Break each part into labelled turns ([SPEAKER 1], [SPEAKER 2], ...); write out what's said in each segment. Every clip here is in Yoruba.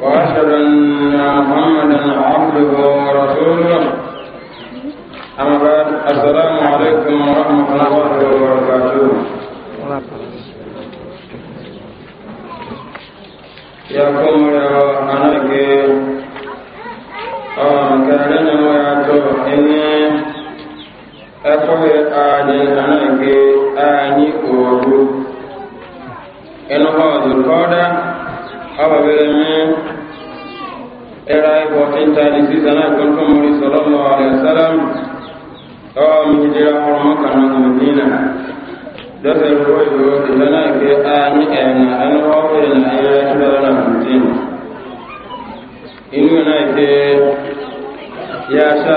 [SPEAKER 1] وأشهد أن محمدا عبده ورسوله أما بعد السلام عليكم ورحمة الله وبركاته يا قوم يا أنك أنكرنا وياتو إني أفوي آدي أنك أني أورو إنه هذا القادة أبا era e botin ta ni sizana kon to muri sallallahu alaihi wasallam o mi jira hormo kan na medina da sai roi do sizana ke ani ena an ho ke na ira to na medina inu na ke ya sha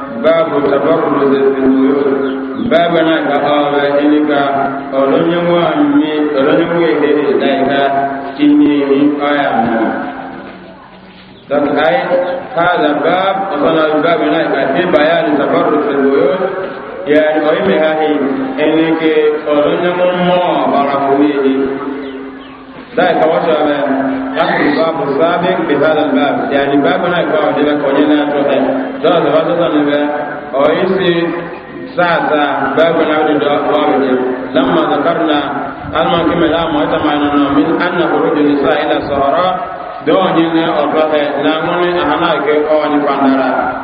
[SPEAKER 1] babu tabarruz al-buyut babu na ka awe inika olonye wa mi olonye wa ile daika kini aya na dan ai hada bab sana babu na ka fi bayan tabarruz al-buyut yani oime hahi enike olonye mo bara kuwi ذلك وجب قصد الباب السابق بهذا الباب يعني بابنا يقوى ذلك ونينا توحي ذلك وجب ويسي ساعة بابنا ودوابه لما ذكرنا المهم كما لا مؤتمعنا من أن خروج النساء إلى الصهراء دون أرضه لا من أهنائك أو نفندرات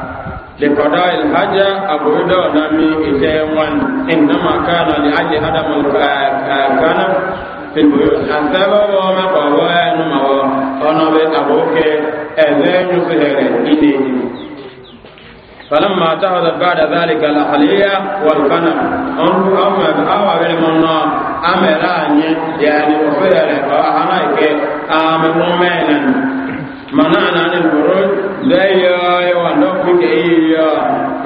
[SPEAKER 1] لقضاء الحاجة أبو دو نامي إتيوان إنما كان لأجل هدم الكان asaba wo ma ko wo no ma wo ono be aboke eze nyu se here ide ni فلما تعرض بعد ذلك الأحلية والغنم أنه أما بأوى بالمنى أمراني يعني وفرر فأحنائك آمن مؤمنا mana na ne buruj la ya ya wa no ku ke ya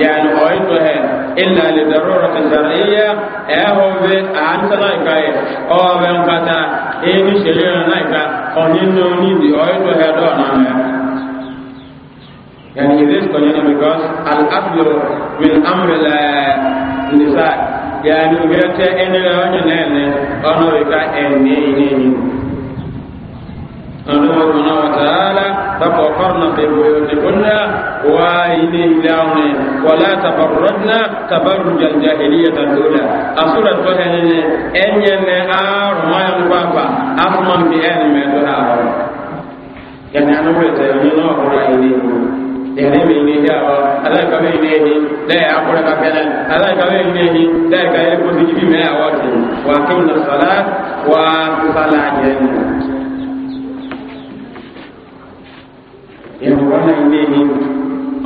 [SPEAKER 1] ya no oi to he illa li darurati shar'iyya eh ho be an tana kai o ben kata e ni sheria na ka o ni no ni di oi to he do na me yani this ko ni because al adlu min amri la nisa yani o ene o ne ne ono ka ene ni ni نعلم سبحانه وتعالى تفقرن في بيوتكن وإلي ولا تبرجن تبرج الجاهلية الأولى أسورة فهن أن ينهار ما ينفع أصمم بأن ما تهار يعني أنا أقول لك أنا أقول لك yàrá mi ní ìyá ọ aláìkàwé ilé ẹni lẹ́yà akọrẹ kakẹlẹ aláìkàwé ilé ẹni lẹ́yà kàwé kó ti ibi mẹ irin wannan ne ne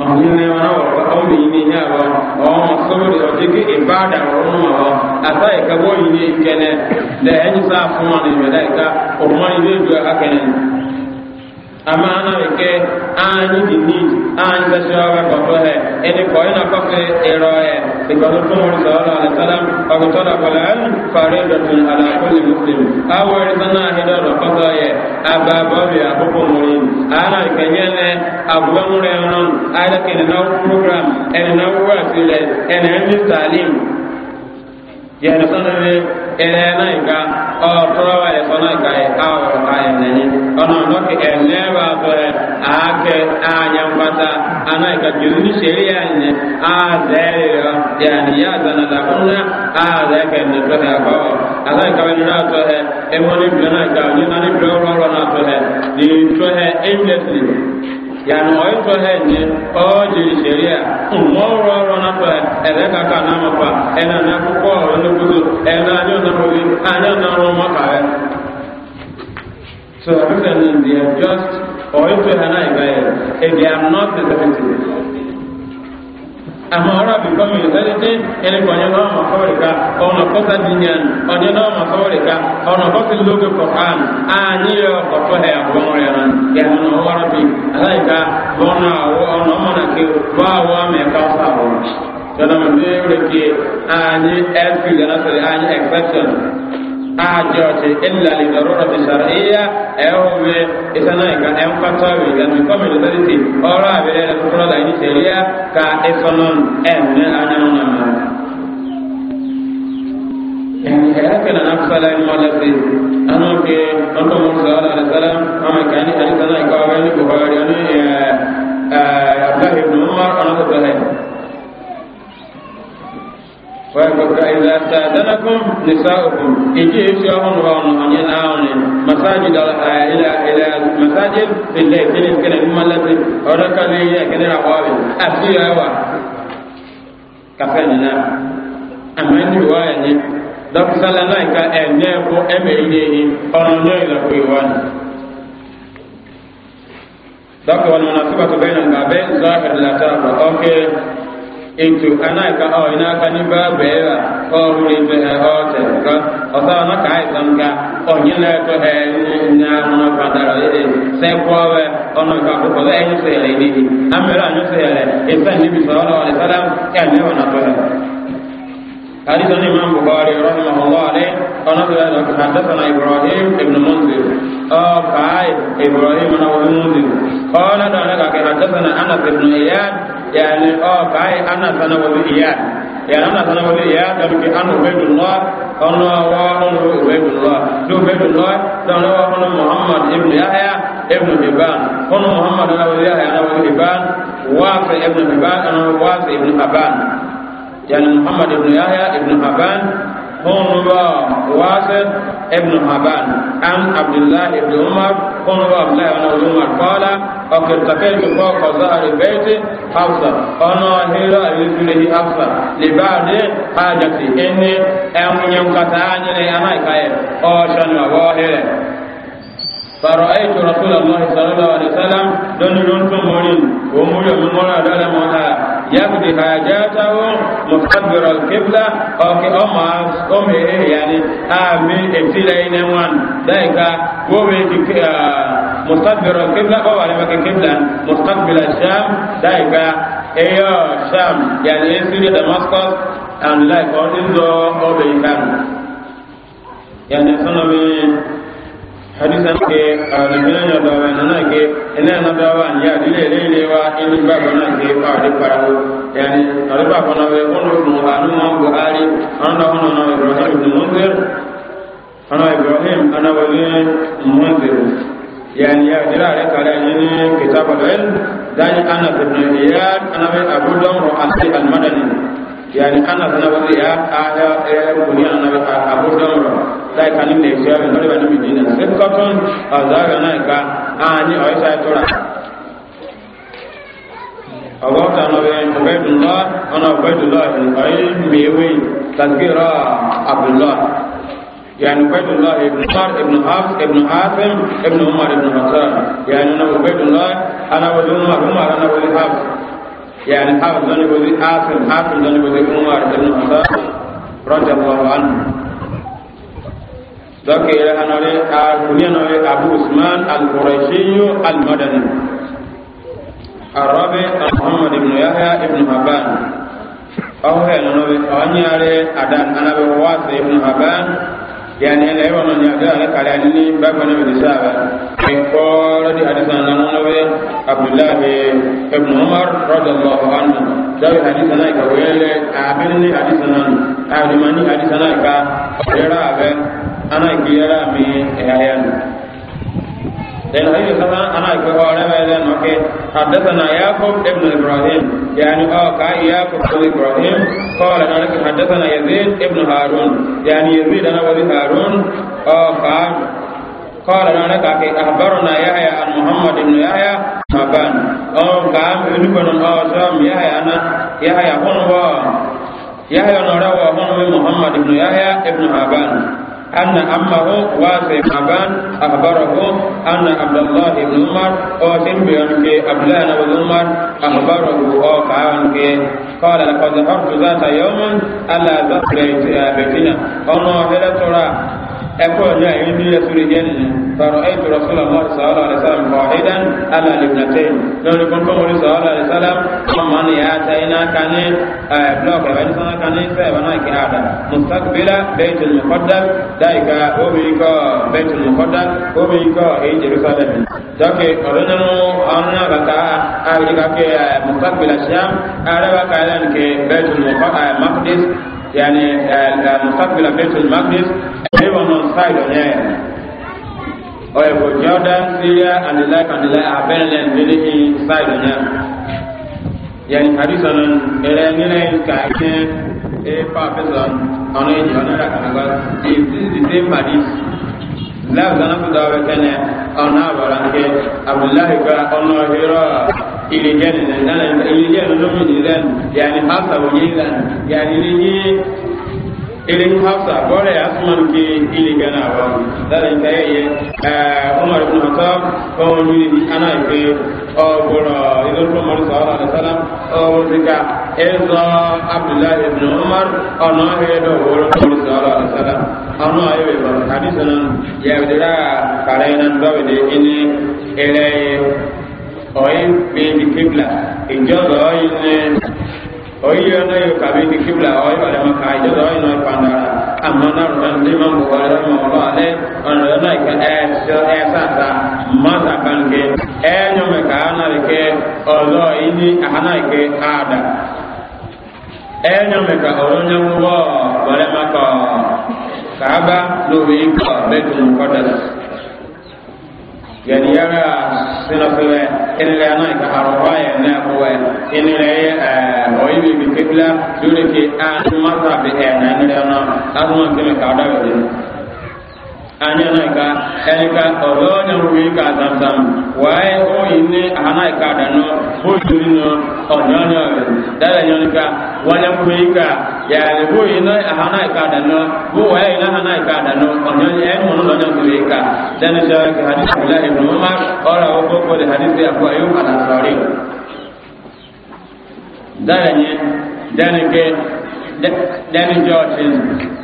[SPEAKER 1] ọ̀hún ní wọn wọ̀ ọ̀hún ní ní ní àwọ̀ ọ̀hún sọ́wọ́ ní ọ̀dí kí ìbáàdà ọ̀hún wọ̀ ọ̀ àtà ìkàwọ́ yìí ní ìkẹ́nẹ̀ lẹ́yìn sáà fún wọn ní ìrẹ̀lẹ́ ìka ọ̀hún ní ìlú ìjọ akẹ́nẹ̀ amma ana mai ke ani di ni ani ka shi awa ka to he eni ko ina ko ke ero he bi ka to mo ri sala ala salam ka ko to da ko la an faridatun ala kulli muslim awa ri sana he da ro ko to ye aba ba bi a ko mo ana ke nye ne abu mo re non ala ke na program en na wa sile en en salim yɛrɛ sɔnni bɛ ɛrɛ n'a yi ka ɔ tɔrɔba yɛ sɔnna yi ka yɛ k'a wɔrɔ k'a yɛ nɛni ɔnɔ n'o tɛ ɛrɛ nɛ b'a sɔrɔ a y'a kɛ a ɲanfata a n'a yi ka joli ni seri y'a ɲɛ a zɛɛ yɛrɛ yanni y'a zana la ko n'a a zɛɛ kɛ nin tɔ kɛ a kɔ a n'a yi ka wɛrɛ n'a tɔ hɛ yani o to he ni o je sheria mo ro ro na to e be ka ka na pa e na na ku ko ro na nyo e na mo bi na ka so people they are just o to na e be e they are not the ama ɔrɔ bi kɔmi ɛdi ti ɛdi kɔ ɔnyɛ n'ɔma kɔɔri ka ɔnɔ kɔsa di nyan ɔnyɛ n'ɔma kɔɔri ka ɔnɔ kɔsi loge kɔkan anyi yɛ kɔtɔ hɛ abɔnwɔ yɛ nan yɛ ɔnɔ ɔrɔ bi ala yi ka bɔnɔ awɔ ɔnɔ ɔmɔna ke bɔ awɔ amɛ kawusa awɔ tɔnɔmɔ ti yɛ wuli ke anyi ɛfi yɛ n'asɛri anyi ɛkpɛtɛn ajɔte ilali darura bi sariya ɛwɔmi isanayi ka ɛnkɔtɔbi yanni kɔmi lɔsɛlisi ɔrɔ abiri ɛkutɔ la yi sariya ka isanɔn ɛnɛ anyanu nama. ɛyakɛlɛ nafsala yi mɔlɛsi anu ke eh, ɔntɔ mu sɔɔla alasala ɔmɛ kani alisanayi ka ɔbɛ ni buhari eh, ani ɛɛ abdulahi ibn umar ɔnɔ sɔsɔ hɛ. ويقول إذا استأذنكم نساؤكم إجي إشياهم وهم أن ينعون مساجد إلى إلى مساجد في الليل كنس كنس ملتي وركا لي كنس رقابي أسير أيوة كفانا أما أنت رواية دك سالنا إكا أنيكو أم إليه أنوني لكي وانا دك والمناسبة بين البابين ظاهر لا تعرف أوكي into ana ka o ina ka ni ba be ra o ri be o te ka o sa na ka san ka o ni na to he na na ka da ra e se ko we o na ka ko le ni se le ni amera ni se le e sa ni bi sa ala wa salam na to he حديث الإمام بخاري رحمه الله عليه قال حدثنا إبراهيم ابن منذر أو كعائد إبراهيم بن منذر قال ذلك حدثنا أنس بن إياد يعني أو كعائد أنس بن إياد يعني أنس بن إياد ذلك أن عبيد الله أن وأن عبيد الله دو عبيد الله أن محمد ابن يحيى ابن حبان أن محمد بن يحيى ابن حبان واسع ابن حبان أنا واسع ابن حبان yani muhammad ibn yahya ibn haban hon ba wasil ibn haban an abdullah ibn umar hon ba abdullah ibn umar qala akil takayl bi fawqa zahri bayti hafsa ana hira yusulihi hafsa li ba'di hajati inni am yankatani ana ikaye o shan wa hira فرأيت رسول الله صلى الله عليه وسلم دون ينتم مولين ومولي ومولا دون مولا يقضي حاجاته مستقبل القبلة أو كأما أمه يعني آمين ابتلين وان ذلك قومي مستقبل القبلة أو على مكة قبلة مستقبل الشام ذلك أيوه شام يعني إنسي دمسكس and like all these law obey يعني سنة hadisa ke alibina nya dawa na na ke ina na dawa ya dile le le wa ini ba na ke pa de parawo yani ala ba na we ono no anu ma go ari anda ono na ibrahim ibn munzir ana ibrahim ana wa ne munzir yani ya dira re kala ni kitab al ilm dan ana ibn iyad ana wa abu damr asli al madani yani eh, ana na wa iyad ala kunya ana wa abu damr sai kanin da yake yaron kare bani bidina sai ka kan azaga na ka ani oi sai tora
[SPEAKER 2] Allah ta nabi ya Ubaidullah ana Ubaidullah ai
[SPEAKER 1] mewe tazkira Abdullah يعني عبيد الله بن صار بن حفص بن عاصم بن عمر بن حسان يعني انا عبيد الله انا ولي عمر عمر انا ولي حفص يعني حفص انا ولي عاصم عاصم انا ولي عمر بن حسان رضي الله عنه donc yɛrɛ hanare a kunya nare abu usman al-qurashiyu al-madani arabe muhammad ibn yahya ibn haban aw hɛ nɔnɔ bɛ aw nyaare adan ana bɛ waase ibn haban yani la yawa man yaga ala kala ni ba bana bi saba e ko radi hadisan nan no ibn umar radallahu anhu da hadisan ay ka wele abin ni hadisan nan abdi mani ka era abe ana ikiyara mi eh, ayanu dan ayi sana ana ikwe ore eh, wele no ke hadathana yaqub ibn ibrahim yani aw oh, ka yaqub ibn ibrahim qala ana ke hadathana yazid ibn harun yani yazid ana wali harun aw ka قال انا كاك اخبرنا يحيى عن محمد بن يحيى مبان
[SPEAKER 2] او قام ابن او زم يحيى انا يحيى هو
[SPEAKER 1] يحيى نرى وهو محمد بن يحيى ابن مبان أن أمه واسع أبان أخبره أن عبد الله بن عمر أوتم بأنك أبلان بن عمر أخبره أو كعنك قال لقد حرت ذات يوم ألا تخرج بتنا أنا هل ترى ẹ̀kọ́ ọjọ́ ẹ̀rí ní ẹ̀sùn ìjẹ́ nìyẹn fàrọ̀ ẹ̀tù rọ̀sùlọ̀mọ́ ìsàọ́lọ̀ àrẹsàlám kọ̀ọ̀hídán alàlìbìnàtẹ́yìn lórí kọ́ńtọ́mù ìsàọ́lọ̀ àrẹsàlám ọmọ ni a ta iná kaní blọọkì ẹ̀wẹ̀ nísàná kaní sẹ́ẹ̀bà náà kí àdá mustaqbila bẹ́ẹ̀tì mùkọ́dá dáìka obìnrin kọ́ bẹ́ẹ̀tì mùkọ́dá obìnrin kọ́ èyí jerusalem dọ́kì ọ̀dọ́nyẹnu ọ̀run náà bàtà àwìjìká kí mustaqbila sham arẹ́wà káyọ̀ ní kí bẹ́ẹ̀tì mùkọ́dá makdis يعني مستقبل بيت المقدس everyone on side on air or for Jordan, Syria and the like and the like are better than really inside on air يعني حديث عن إلهنا كائن a person on a journal that if this is the same hadith love the number of the on our and Abdullah ibn ile jẹni nana ile jẹni lomini lẹnu yanni hasa wòye lẹnu yanni ile nyi ile nyi hasa bọlẹ asumanu ke ile gana wa lẹni ta ye ye ɛɛ umar bin khattab kɔn nyiri ni ana yi pe ɔ bɔlɔ ilolu umar sɔrɔ ala sala ɔ wosika ɛzɔ abdullahi ibn umar ɔnɔ hɛrɛ dɔ wɔlɔ umar sɔrɔ ala sala ɔnɔ ayi wɛ bɔ hadisi nan yɛrɛ de la kare nan dɔ de ini ɛrɛ ye oyin bi di kibla ijo do oyin ne oyin no yo ka bi di kibla oyin ba ma ka ijo do oyin no panda amma na ro ni ma bu wa ro ma ro ale on ro na ka e so e sa sa ma sa kan ke e nyo me ka na re ke olo ini ahana ke ada e nyo me ka oro nyo wo ba le ma ka kaaba lo wi ka be tu enere ana ka harawa ya na kuwa enere oyi bi bi kibla dole ke a tumata bi e na enere ana asuma kime ka da anya na ka elika ọdọ nwere ike azamzam oyi nne aha na ka ada nọ bojuri nọ ọdọ ọnya ọrịa dada nya ka wanya nwere ya bụ oyi aha na ka ada yi na ya nwere ike dada ma hadisi ya ụkwa na sọrị dada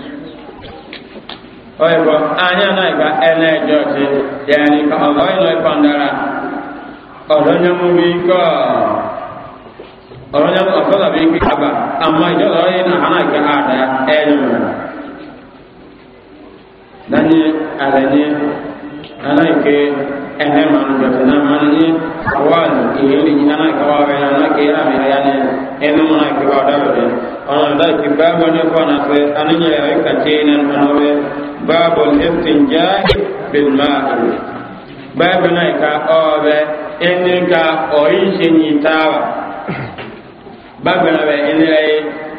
[SPEAKER 1] oybo anya naiba ene josi yani ka ọlọyìn lọ pandara ọlọnyamuri kọ ọlọnyam ọfọlọ bi kí kaba àmọ ìjọba ọyìn náà hàn àgbà àdá anake ehe manu jafina manni awal ihili ni anake wawe anake ya mira yane enu muna ke wada bere ona da ki babo ne ko na te aninya ya ka tena anawe babo istinja bil ma'i babo na ka obe enne ka oishe ni tawa babo na be enne ai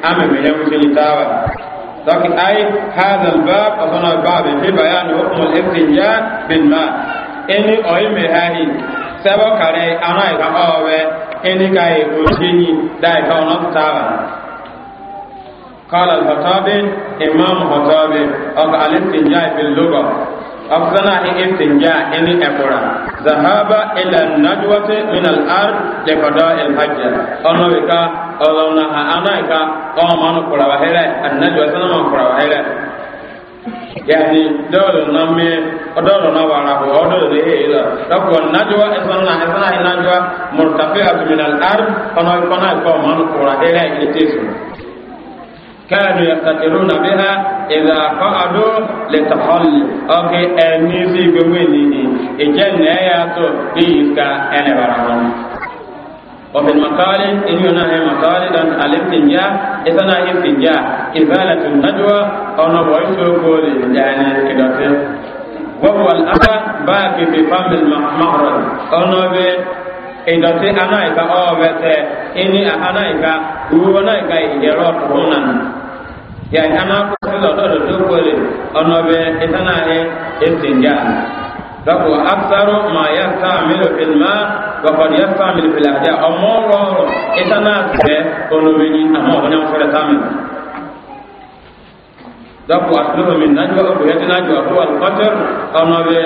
[SPEAKER 1] ame mere musinitawa لكن أي هذا الباب أظن الباب في بيان حكم الاستنجاء بالماء إني أهم هاي سبب كاري أنا إذا أوه إني كاي أوتيني داي كونا تابا قال الخطاب إمام الخطاب أو الاستنجاء باللغة أبزنا إنتنجا إني أفرا ذهاب إلى النجوة من الأرض لقضاء الحج أنوك أولونا أناك أمان قرابهلا النجوة سنمان قرابهلا yani dɔɔlu nami ɔdɔɔlu nawarahu ɔdɔɔlu de eyi la dɔkɔ najuwa ɛsɛnna ɛsɛnna yi najuwa mɔrɔtafe atuminal ar kɔnɔ kɔnɔ kɔ mɔnu kura ɛlɛ ɛtɛ sunu. كانوا يقتدرون بها إذا قعدوا لتحل أوكي أنيسي بويني إجن نياتو بيسكا أنا براهم وفي المقال إن ينهى مقال أن الاستنجاء إذا نهى استنجاء إزالة النجوى أو نبويسو قولي يعني كدوتي وهو الأذى باقي في فم المحرم أو نبويسو ìdọ̀tí anáìka ọ̀bẹ̀tẹ̀ ìní anáìka ìwúwo náìka ya ọ̀tún nà nù. Yàrá iná kó sílẹ̀ ọ̀dọ́dọ̀ tó kọ́lé ọ̀nà ọbẹ̀ ìtànà ẹ̀ ẹ̀sìnjà. Dọ́kọ̀ Absaru máa yẹ sáàmìlì fìlmà wọ̀kọ̀dì yẹ sáàmìlì fìlà jẹ́ ọmọ donc asuluhu min najwa ubiyati najwa huwa alqatr ono be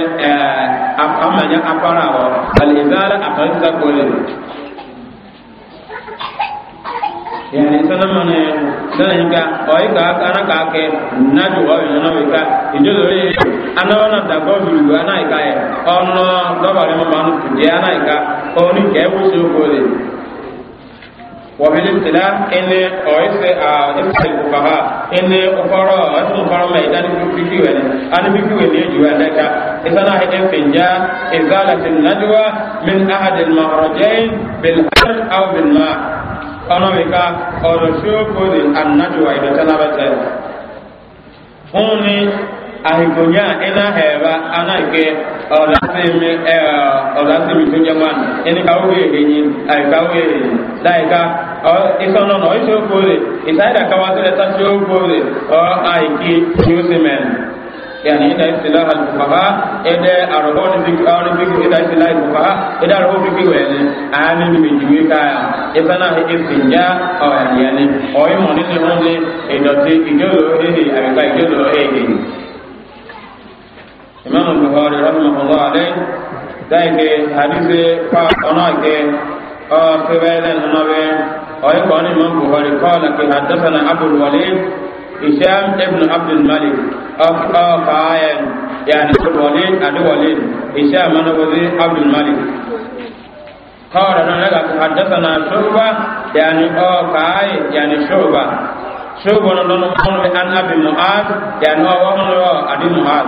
[SPEAKER 1] amma nya apara wa al izala aqalta qulil
[SPEAKER 2] yani sanan mana sanan ka oi ka kana ka ke najwa wa no be ka ijo le ana wana da go
[SPEAKER 1] biru ana ka e ono do bare ma manu ti ana ka oni ke wusu qulil وبالابتلاء إن أعيس أمسى الفقهاء إن أفرى أنت أفرى ما إذا نبكي وين أنا بكي وين يجوا لك إذا هي فنجا إزالة النجوى من أحد المهرجين بالأرض أو بالماء أنا بكا أرشوك النجوى إذا تنبت هوني ahigonya ina hɛba ana ke ɔlasimi ɛɛ ɔlasimi tó jɛ man ɛni kawo ke henyi ayi kawo ke dayi ka ɔ isɔnɔ nɔ isi o kore isayi da kawa ti lɛta si o kore ɔ ayi ki yóò si mɛ yani ina isila alifukaha ɛdɛ arɔbɔ ni bi ɔni bi ina isila alifukaha ɛdɛ arɔbɔ bi bi wɛni ayani bi bi juwe kaya isana isinja ɔyani ɔyi mɔni ni hɔn ni idɔti idolo ehe ayika idolo ehe imam buhari rahimahullah alayhi daike hadise pa ona ke o sebele nabe o ko ni imam buhari qala ki hadathana abul walid hisham ibn abd al malik of qayan yani abul walid adu walid hisham anabi abd al malik قال انا لك حدثنا شعبه يعني او كاي يعني شعبه شعبه نون عن ابي معاذ يعني هو ابن ابي معاذ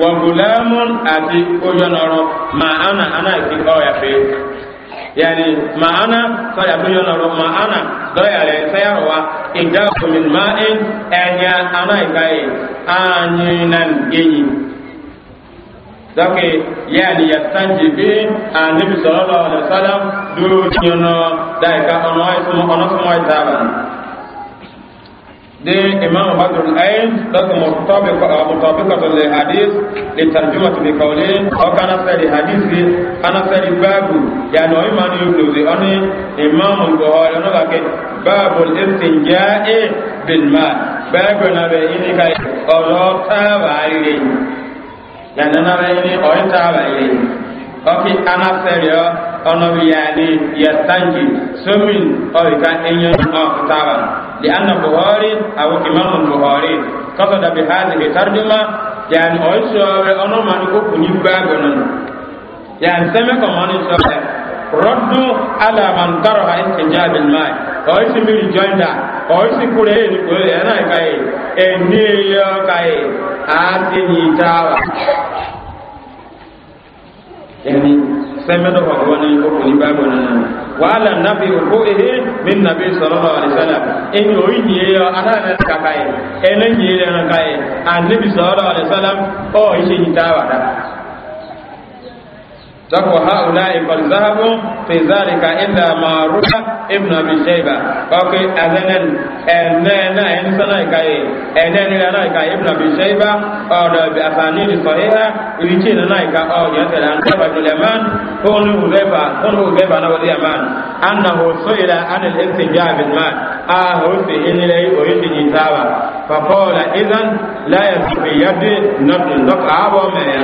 [SPEAKER 1] wa gulamun àti ojónọrọ ma ana ana ìfi ọ̀yà fi yani ma ana sọ̀yà tó yọnọrọ ma ana dọ́yà rẹ̀ sẹ́yàrọ̀ wa ìdá omin ma in ẹ̀yà ana ìka yìí ààyìnan yìí dɔke yaani yasanji bi anabi sɔlɔ lɔɔre sɔlɔ duuru nyɔnɔ daa yi ka ɔnɔ ɔnɔ sɔmɔ yi taaba. دي إمام بدر العين لك مطابقة مطابقة للحديث للترجمة بقولين أو كان سيد حديث أنا سيد باب يعني إما يبلغ أني إمام البخاري أنا لك باب الاستنجاء بالماء باب نبي إنك أو تابع إليه يعني نبي إني أو تابع إليه ɔfi ama sɛriɔ ɔnɔbi yaani yasanji somin ɔbi ka enyo ɔkutaba li anna buhari awo imamu buhari kɔsɔ dabi hazihi tarjuma yaani ɔyi sɔɔre ɔnɔmani ko kuni baagbɔnɔ yaani sɛmɛ kɔmɔni sɔɔre rɔdu ala man karo ha istijabi mai ɔyi si miri jɔnda ɔyi si kure yi ni kure yɛn na yi ka yi ɛni yɛ ka yi a ti nyi taaba yani sɛmɛnɛ wa gɔni o kɔni b'a gɔni na wala nabi o ko ehe min nabi sɔlɔlɔ alisala e ni o yi nye yɛ ala yɛrɛ ka k'a ye e ne nye yɛrɛ ka k'a ye a nebi sɔlɔlɔ alisala ɔ i se nin zako haulai qad zahabu fi dhalika illa ma ruka ibn abi shayba bako azanan enena insana kai enena na kai ibn abi shayba odo bi asanid sahiha ilichi na na kai o yete na ba juleman hulu ubeba hulu ubeba na wadi aman annahu suila an al-intijab bil mal ahu fi inilai o yiti jitawa fa qala idan la yasbi yadi nabdu nabdu abo meya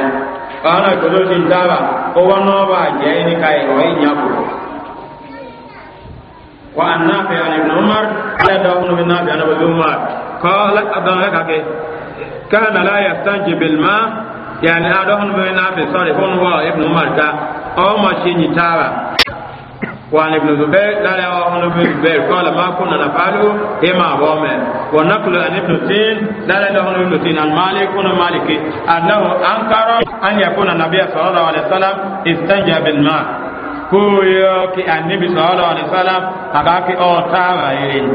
[SPEAKER 1] ana kodo ti daba ko wano ba jai ni kai o yi nyabu wa annabi ali ibn umar la da ibn nabi ana ibn umar qala adan laka ke kana la yastanji bil ma yani adon ibn nabi sorry hon wa ibn umar ka o ma shi ni taba وعن ابن زبير لا لا ابن زبير قال ما كنا نفعله إما بوما ونقل عن ابن سين لا لا وعن ابن سين عن مالك كنا مالك أنه أنكر أن يكون النبي صلى الله عليه وسلم استنجى بالماء كويو كي النبي صلى الله عليه وسلم أكاكي أو تابا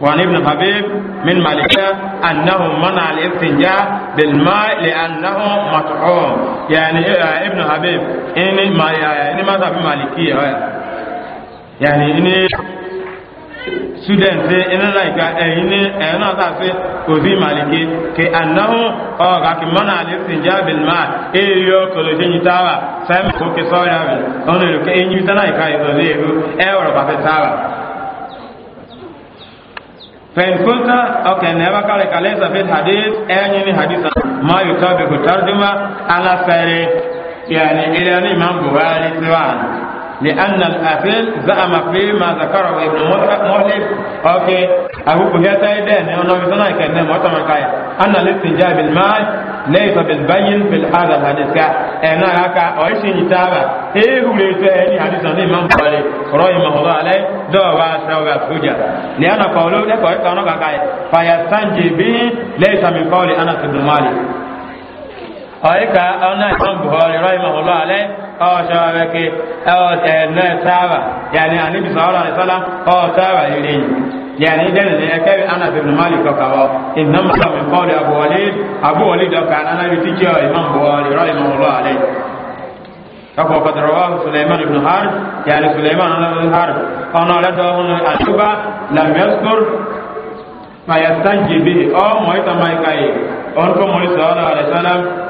[SPEAKER 1] وعن ابن حبيب من مالكية أنه منع الاستنجاء بالماء لأنه مطعوم يعني ابن حبيب إن ما يعني مذهب مالكية yani ini student ina like eh, ini ina eh, ta se ozi maliki ke annahu o oh, ga ki mana ali sinja bil ma e yo ko le jini tawa sam ko ke so ya bi on le ke enyi ta nai kai so le ru e woro e, ba se tawa fen kunta o ke ne ba kale kale sa fil hadith e nyi ni hadisa ma yutabi ko tarjuma ala sare yani ila ni imam buhari tiwan لأن الأصل زعم فيما ذكره ابن مهلب أوكي أبو بكر سيدان أنا مثلا كنا معتمد كايا أن الاستنجاء بالمال ليس بالبين في هذا الحديث كا أنا هكا أيش نتابع إيه هو ليس أي حديث عن الإمام بخاري رحمه الله عليه دوا سوا سوجا لأن قوله لك أنا كايا فيستنجي به ليس من قول أنا بن مالي ọ̀ríkà ọ̀nà ìsọ̀bùhọ́rì rọ́ìmọ̀wọ́lọ́ alẹ́ ọ̀ṣọ́ ẹ̀kẹ́ ẹ̀ẹ́nẹ́ sáàbà yàní àníbìsọ̀ ọ̀rọ̀ àìsọ́lá ọ̀ṣọ́bà ilé yàní dẹ́nìí ẹ̀kẹ́ anàbìbìn mọ́lì kọkàwọ́ ìnámọ̀sọ̀ mi kọ́ọ̀lì àbúwọlé àbúwọlé dọ̀kà anábì tíjọ́ ìmọ̀bùhọ́rì rọ́ìmọ̀wọ́lọ́ alẹ́ ọkọ̀ ọ̀kọ̀ tọ̀rọ̀ wá suleiman ibn harb yàní suleiman ibn harb ọ̀nà ọ̀lẹ́dọ̀ ọ̀hún àtúbà lamẹ́sùkúr mayasanjibi ọ̀mọ̀ ìtàmáìkàyè ọ̀nkọ́ mọ́lì sọ̀rọ̀ àlẹ́sọ́lá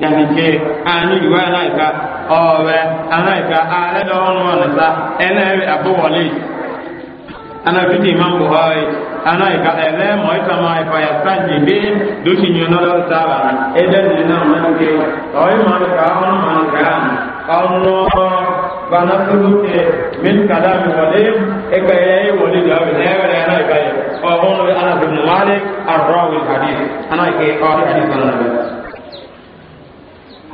[SPEAKER 1] yahinke ani yuwa anaika ọwẹ anaika alẹ dọwọn wọn nisa ẹnẹ abọwọlé anabiti imam buhari anaika ẹlẹ mọ ìtàmà ìfàyà sáàjì dé lóṣì yẹn lọdọ sábà ẹdẹ nìyẹn náà wọn ké ọyìn máa ń kà ọhún máa ń kà á ọnù banasuru ke min kada mi wọlé ẹgbẹ yẹn wọlé lọwọ ẹwẹrẹ anaika yẹ ọhún anabi muhammed arọwìn hadith anaika ọhún hadith náà lọwọ.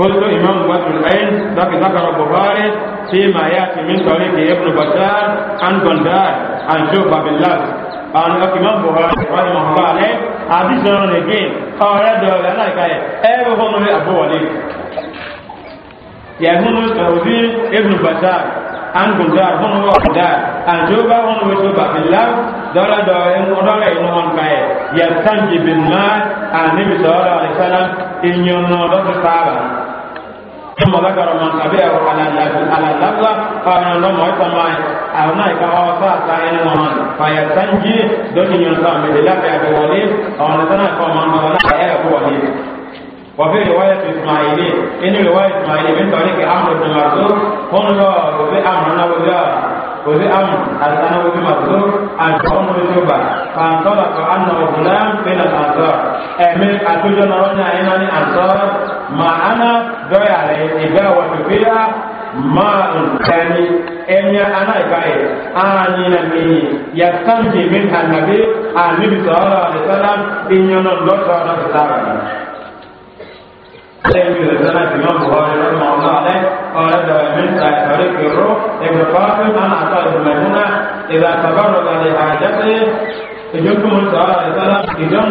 [SPEAKER 1] قلت إمام بدر العين ذكر البخاري فيما يأتي من طريق ابن بشار عن بندار عن شعبة بالله عن إمام بخاري رحمه الله عليه حديث عن الدين قال دولة نايكاية أبو هنو أبو وليد يهونو توفي ابن بشار عن بندار هنو بندار عن شعبة هنو شعبة بالله دولة دولة دولة إنوان كاية يستنجي بالمال عن النبي صلى الله عليه وسلم إن يوم نوضة صعبة ثم ذكر من تبعه على على اللفظة قال لهم ويطمع أو نايك أو ساسا إن ومن فيستنجي دنيا ينصام بذلك أبي وليد أو نتنا فمن ولا أبو وليد وفي رواية إسماعيلي إن رواية إسماعيلي من طريق عمرو بن مرزوق هنا وفي أمر وفي أمر الأنوي بن مرزوق àjọmọ̀ ìjọba fàǹtọ́lá kan á nà ọ̀gbọ̀nà pẹ̀lú àǹtọ́ ẹ̀mí àtúnjọ náà ní àyínà ní àǹtọ́ mà á ná dọ́yà rẹ̀ ìgbà wọ̀ fìfìyà má nkàní ẹ̀yà anáìbáyé ààyè nà mìíní yàtàn jìmí ànàbí àmìbí sọ̀rọ̀ àdìsọ́lá ìyọ̀nà lọ́sọ̀ọ́ سيد الزنا في امام البخاري رحمه الله عليه قال من طريق الروح ابن فاطم إذا تبرد لحاجته يجبكم صلى الله عليه وسلم إذن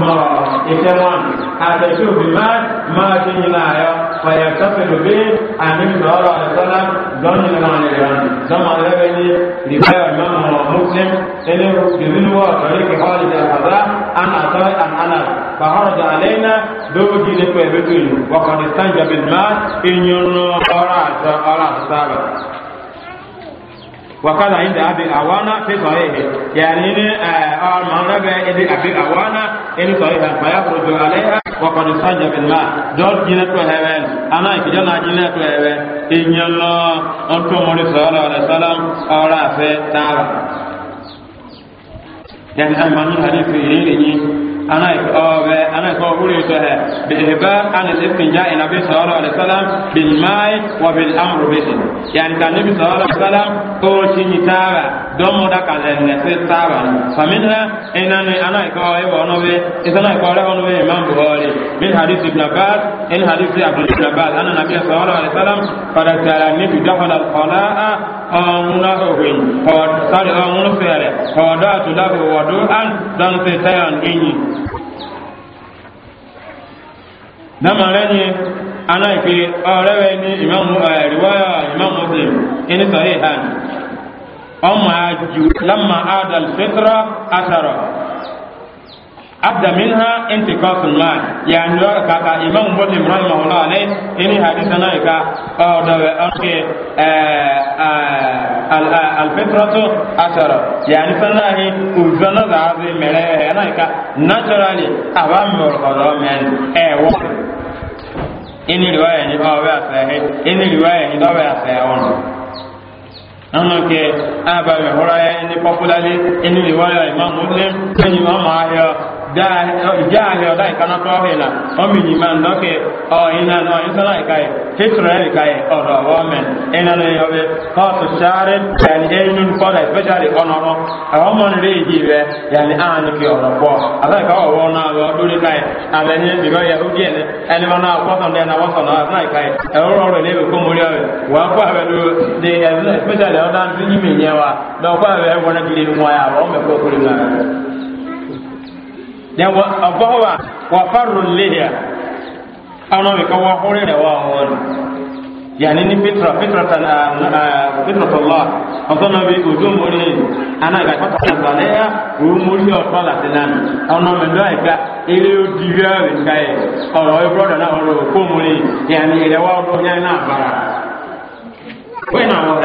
[SPEAKER 1] ما يجمعون، حتى يشوف المال ما تنينا فيتصل به أمين صلى الله عليه وسلم دون المال اليوم ثم لبني رواية الإمام مسلم إنه بذنوة طريق خالد الحذاء أن أتى أن أنا فخرج علينا دو في كوي وقد استنجب المال إن ينو أرى أرى wakala inda abi awana fi sahihi yani ni maana be idi abi awana in sahiha fa yakhruju alaiha wa qad saja bil ma dot jina to heaven ana ki jana jina to heaven inyalla onto mori sallallahu alaihi wasallam ora fe tara
[SPEAKER 2] yani almanu hadithi ni ni
[SPEAKER 1] ana ọbẹ ana kọ wúri tó hẹ bìhìbá ana lè fi já ìnà bí sọlọ alẹ sálám bìl máì wà bìl amúrú bìsì yàrá ìta níbi sọlọ alẹ sálám ó ti nyi taara dọmọdà kalẹ nẹsẹ taara famina ìnani ana kọ ẹwọ ọnà bẹ ìsọlọ ẹkọ ọlẹ ọnà bẹ imam buhari min hadith ibn abbas in hadith abdul ibn abbas ana nabi sọlọ alẹ sálám padà sàrà níbi dọkọlá kọlá ọ̀nà òhìn ọ̀sọ́rì ọ̀nà fẹ̀rẹ̀ ọ̀dọ́ àtúndábò wọ̀dọ́ àn dánfẹ̀ tẹ́yàn ẹ̀yìn ọrịa ni anáìpé ọ̀rẹ́wẹ̀ ní ìmáàmù ẹ̀rìwáyà ìmáàmù muslim ẹni sọ̀rọ̀ ìhàn ọmọ àjù أدى منها انتقاص المال يعني لو كاكا إمام مسلم رحمه الله عليه إني حديثنا إكا أو دوي أنك الفطرة أثر يعني فناه وزنا ذهبي ملاه أنا إكا ya أبام مرقضا من ya إني رواية نبوي أسهل إني رواية popularly imam muslim imam ahia jaahe ọdai kana tọọhe la ọmini ma ndọke ọ ina nọ nsala ikaye israel ikaye ọdọ wọmẹ ina nọ yọbe kọọtù sáré yàni eyinun kọdà especially ọnọrọ àwọn ọmọ nìyẹn yìí di rẹ yàni àánú kí ọrọ pọ àbẹ ká ọwọ náà lọ lórí káyẹ àbẹ ní bìbá yà ó díẹ ẹni wọn náà kọsàn dẹ náà wọsàn náà àbẹ káyẹ ẹwọ rọrọ ilé ìwé mórí ọrẹ wà á kó àbẹ ló de especially ọdọ àti yìí mi yẹ wa lọ kó àbẹ wọn náà kiri wọn yà wọn mẹkọ then abawa wa farru lihiya ana bi ka wa hore da wa hon yani ni fitra fitratan ah, ah, fitratullah aso no bi ojo mori ana ga ko ta ba le ya mori o pa la tinan ana me do e ka ele o diga be kai oro e brother na oro ko mori yani ele wa oro nya na bara we na wa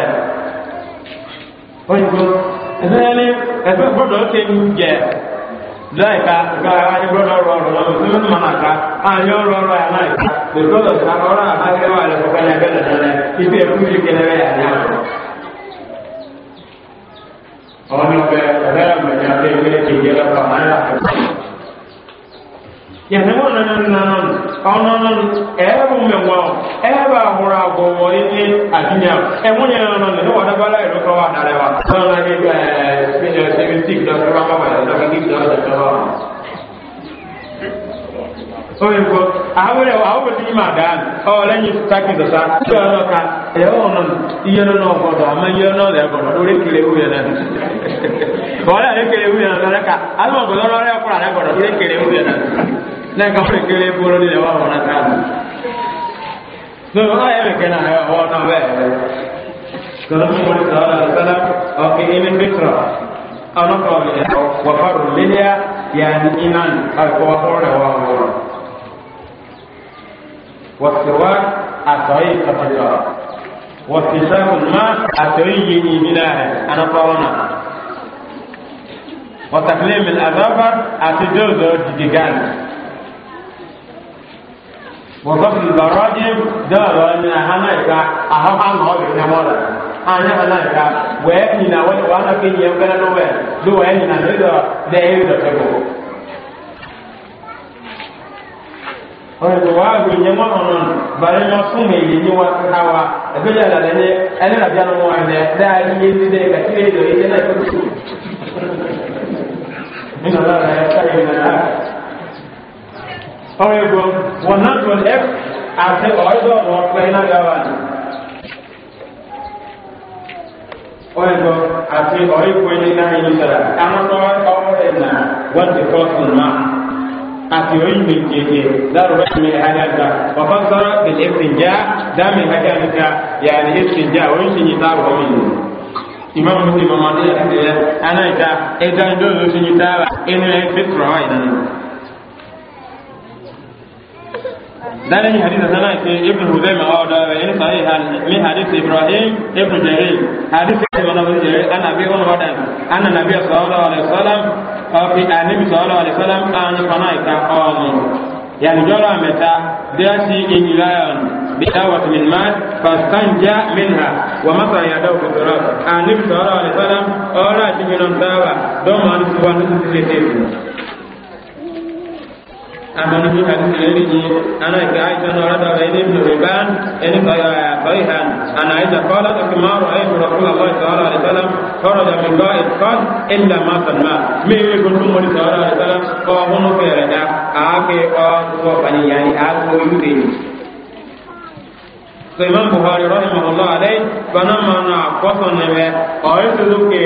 [SPEAKER 1] o ni ko ebe ni ebe brother ke ni je lọ́ọ̀ka gbọ́dọ̀ ní gbọ́dọ̀ ọ̀rọ̀ ọ̀rọ̀ lọ́wọ́ tó ń mọ̀nà ká àyọ̀ ọ̀rọ̀ ọ̀rọ̀ yà náà ká lè gbọ́dọ̀ ká ọ̀rọ̀ àbájá wà lè fọkàn lẹ́gbẹ́ lẹ́lẹ́ ibi ẹ̀kú yìí kẹlẹ́rẹ́ yà ní àná. ọ̀nà ọ̀bẹ ọ̀bẹ àgbẹ̀yà bẹ́ẹ̀ bẹ́ẹ̀ kéde lọ́kọ̀ àmàlà yẹnẹmọ nana nanan ọnanan ẹẹbù mẹwọn ẹẹbà ahọrọ agbọwọ ilé àdínyà ẹmú yẹn nanan nínú wọn dábàlá ìlú kan wà nàlẹ wa. sọlá ní ẹ ẹ ṣẹbi tí kìlọ tó bá bàbà yẹn lọ́kì kìlọ tó tó bá. o yẹ ko àwọn ẹwà àwọn bẹ tí ma dàn ọ lẹ́yìn takì dọta tí wọn lọ ka ẹ ọ nọ iye nọ náà gbọ́dọ̀ àmọ́ iye nọ lẹ gbọ́dọ̀ lórí kele ewu yẹn náà wọ́n lé kele ewu yẹn náà lọ́dọ̀ ká alùpùpù lọ́dọ̀ rẹ̀ kúrò àlẹ́ gbọ́dọ̀ lórí kele ewu yẹn náà na ka wani kele bolo ni wa wana kan so wa ya ke na ya wa na ba kala mu wani sala sala o ke imin bikra ana ko ya wa faru liya ya ni iman al ko wa ora wa wa wa siwa atai katira wa fisamu ma atai yini bilahi ana ko wana wa taklim al azaba atijozo didigan وبطن البراجم دار أن هناك أهم أهم هو بنمرة أنا هناك وين وأنا في يوم كنا نوين لو وين نزيد لأيه تبغو ọ̀rẹ́dọ̀wà àgbè nyẹmọ́ ọ̀nà bàrẹ̀ nyọ fún mi yìí ní wa káwa ẹgbẹ́jà lálẹ́ ní ẹni nàbí àná wọn àgbẹ̀ dáa yé ní dẹ́ kàtí lè dọ̀ yé náà kó tó. nínú ọ̀la rẹ̀ ká yẹ nàá ọ̀rẹ́gbọ́ wọn náà tó ẹ àti ọ̀ọ́dọ̀ wọn pẹ́ náà gáwà ní ọ̀rẹ́gbọ́ àti ọ̀rẹ́gbọ́ ilé náà yìí sára àwọn ọ̀rọ̀ ẹ̀ náà wọ́n ti kọ́ sí máa àti oyin mai keke zaru ba mai hadaka wa fassara bil istinja da mai hadaka yani istinja oyin shi ni zaru ba mai imam muslim ma da ya ana ita idan do zo shi ni tawa inu e fitra wa idan دارين حديث سنة ابن هزيمة أو دابا إن صحيح من حديث إبراهيم ابن جرير حديث ابن جرير أنا أبي أنا غدا أن النبي صلى الله عليه وسلم أو في النبي صلى الله عليه وسلم أن فنايك أوم يعني جرى متى داسي إن لايون بدعوة من مال فاستنجى منها ومتى يدعو في التراب النبي صلى الله عليه وسلم أولا جميل دعوة دوما نسوى نسوى amanu bi hadisi leli ji ana ka aisha na rada wa ini ibn riban ini ka ya bayhan ana aisha qala ka kama ra'aytu rasulullah sallallahu alaihi wasallam kharaja min ba'id qad illa ma sanna me we gon dum mari sallallahu alaihi wasallam ko hono fere da ake o ko bani yani a ko yude ni so imam buhari rahimahullah alaihi banama na kwasan ne o yesu duke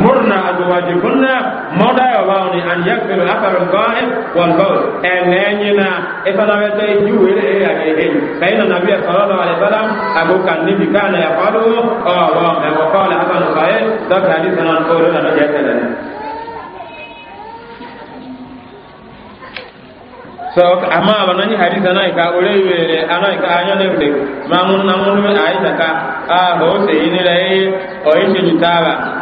[SPEAKER 1] murna azwajikunna moda yo bawni an yakbiru athar al-ghaib wal bawl elanyina ifana wete juwe e ya ke hin baina nabiy sallallahu alaihi wasallam abu kan nabi kana yaqulu aw wa ma qala hasan qaid dak hadithan an qawluna najatan so amma abana ni hadisa na ka ore yere ana ka anya ne de ma mun na mun ai ta ka a ho se ni le o yi ni tara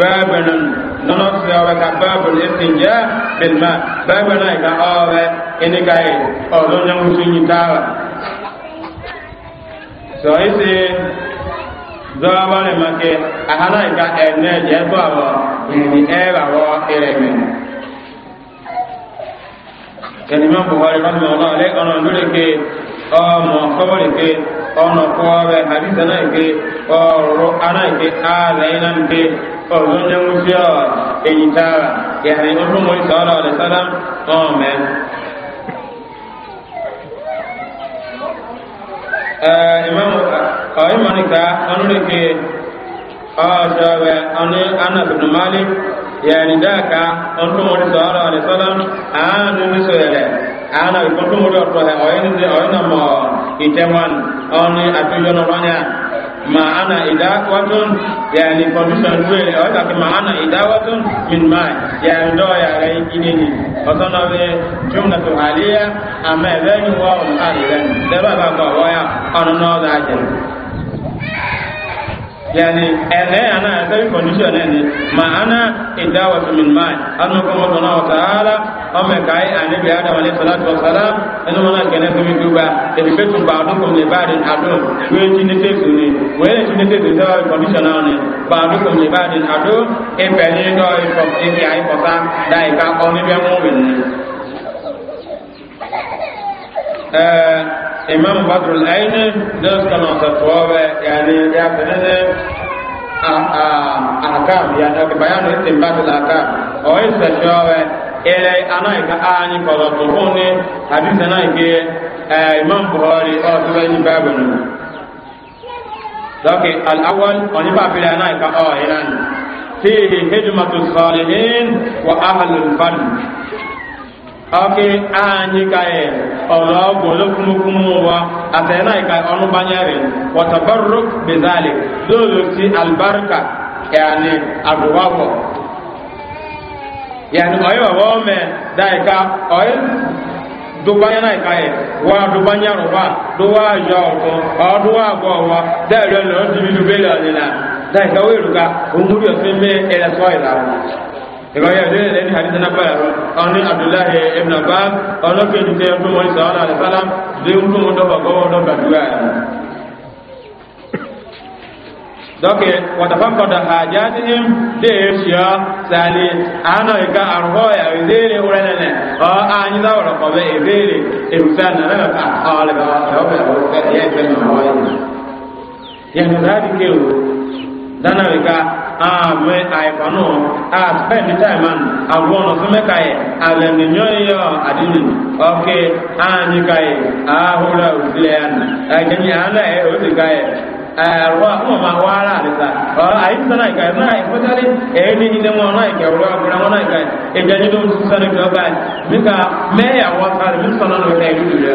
[SPEAKER 1] بابا ننصر وكا باب الاستنجاء بالماء بابا نايكا آوه إنكا أولون يمسيني تاوه so isi zɔba ne ma ke ale lori ke ke na yi ke ɔrɔ ana ke aala yi ke ọ̀rọ̀ ní mú sí ọ̀ èyí tààrà yàrá ọdún mọ́ ìsọ̀rọ̀ ọ̀rẹ́ sọ́dá ọ̀mẹ́.
[SPEAKER 2] ọ̀yìn mọ̀nìkà ọ̀nùrìkì
[SPEAKER 1] ọ̀ṣọ́wẹ̀ ọ̀nì anàbìnú málì yàrá dáàkà ọdún mọ́ ìsọ̀rọ̀ ọ̀rẹ́ sọ́dá àánú ní sọ̀rẹ̀ àánú ìkọ́tún mọ́ ọ̀tọ̀ ọ̀yìn ọ̀yìn ọ̀mọ̀ ìtẹ́wọ̀n ọ̀nì àtúnyọ̀nà maana idawatun yani condition dwele awata ke maana idawatun min ma ya ndo ya rai kinini fasana we jumla tu halia ama eveni wa on hali ren deba ba waya ono no da ajin yani ene e, ana sai e, e, condition ne ma ana idawatu min ma annu kuma tona wa ta'ala amma kai annabi adam alayhi salatu wa salam enu mana kene to mi duba e bi fetu ba do ko ne badin adon we ti ne tezu ne we ti ne tezu da condition ne ba do ko ne badin adon e pe ni do e ko e ai ko ta dai ka ko ni be mu ne
[SPEAKER 2] Eh, imam badrul aini dos kana
[SPEAKER 1] tatuwa yani ya tenene ahkam ya da bayanu istinbatul ahkam o istashawa ele anai ka ani ko to hone hadith e anai ke e, imam buhari o to ni babun doke al awwal oni babila anai ka oke anyị ka e, ọrụ ọgwụ olokumukumunwa atena ka ọnụ banyere watabarruk bezalik doloti albarka yani agụwafọ yani ọyọ wọme daika ọyọ dubanya na ikaye wa dubanya ruba duwa ya ọkọ ọduwa agọ ọwa dẹrẹ lọ dibi dubele ọdịna daika weruka omuri ọsẹ mee ẹlẹsọ ìlànà ìgbàyà ìdílé lẹ́ni àti sanabaya rọ ọ̀ní abdullahi ibn abbas ọlọ́pẹ̀ ìdílé ọdún mọ́lì sọ́ọ́lá àlẹ́sálá lé ń tún dọ́wọ́ gọ́wọ́ dọ́gba dúrà rẹ̀ dọ́kẹ̀ wàtàfàkọ̀dà àjátihim dé èṣìọ́ sàlẹ̀ àánà ìka àrùhọ́yà ìdílé orẹ́nẹ̀nẹ̀ ọ́ àyíláwọ̀rọ̀ kọ̀wé ìdílé èrùsà nàrẹ́mẹ̀ká ọ̀lẹ́bàá ọ̀lẹ́bàá ẹ̀yẹ́ ìfẹ́ nàwọ̀ yẹn yẹn dana mi ka aa ah, mɛ ayikpanu aa ah, spend time man awon ɔfɛn mɛ ka yɛ alɛ ni nyɔ yɔ adini ɔke aa nyi ka yɛ aa hura osile ya na ɛkɛ nyi ala yɛ o ti ka yɛ ɛrɔ ɔmɔ ma waara alisa ɔ ayi sani ayika yɛ naa especially ɛyɛ ni nyina mu ɔna ayika wura wura ɔna ayika yɛ ɛdza nyi do sani kɛ ɔba yɛ mi ka mɛ yɛ awɔ sari mi sɔnna na o yɛ ɛyɛ ni yɛ.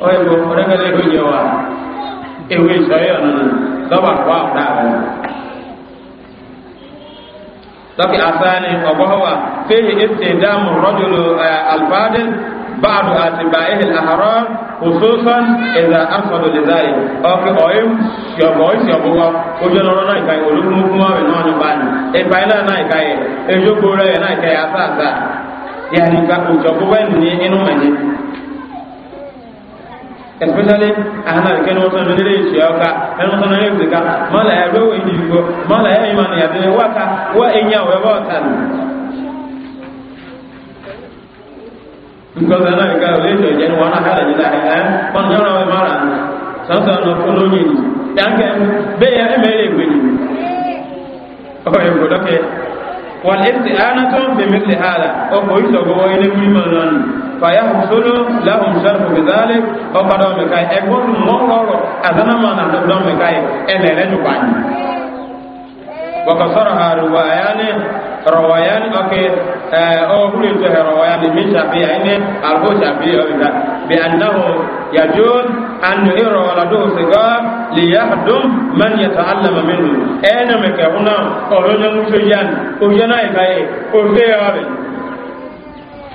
[SPEAKER 1] oye ko orengele ko nyowa ewe soyo nono doba ko awda doki asani ogohowa fihi istidamu rajulu alfadil بعض أتباعه الأحرار خصوصا إذا أصل لذلك أوكي أويم يبوي يبوا وجن رونا يكاي ولو مكما بنوع نبان إبايلا نا يكاي إجو كورا نا يكاي أساسا يعني كأوجو كوين ني إنو مني especially ahana ke no so nile isi oka e no so nile zika mala ya do we ndigo mala ya ima ya de waka wa enya we wota nko za na ka we to je wa na hala ni da na mara so so no ko no ni ya me le gbe ni o ye ko do ke wal ko mi fayahsulu lahum sharfu bidhalik o ka dɔn mi ka ye ɛgbɔn mɔ wɔɔrɔ a zana ma na dɔn mi ka ye ɛlɛlɛ ju ba ye wakasɔrɔ ha ruwayani rɔwayani ɔke ɛɛ ɔ kule to hɛ rɔwayani mi shafi ayi ne albo shafi o bi bi anahu yajun anu iro wala do siga liyahdum man yata'allama minhu ɛɛ na mi kɛ kuna ɔyɔ nyɛ muso yan o yɛ n'a ye ka ye o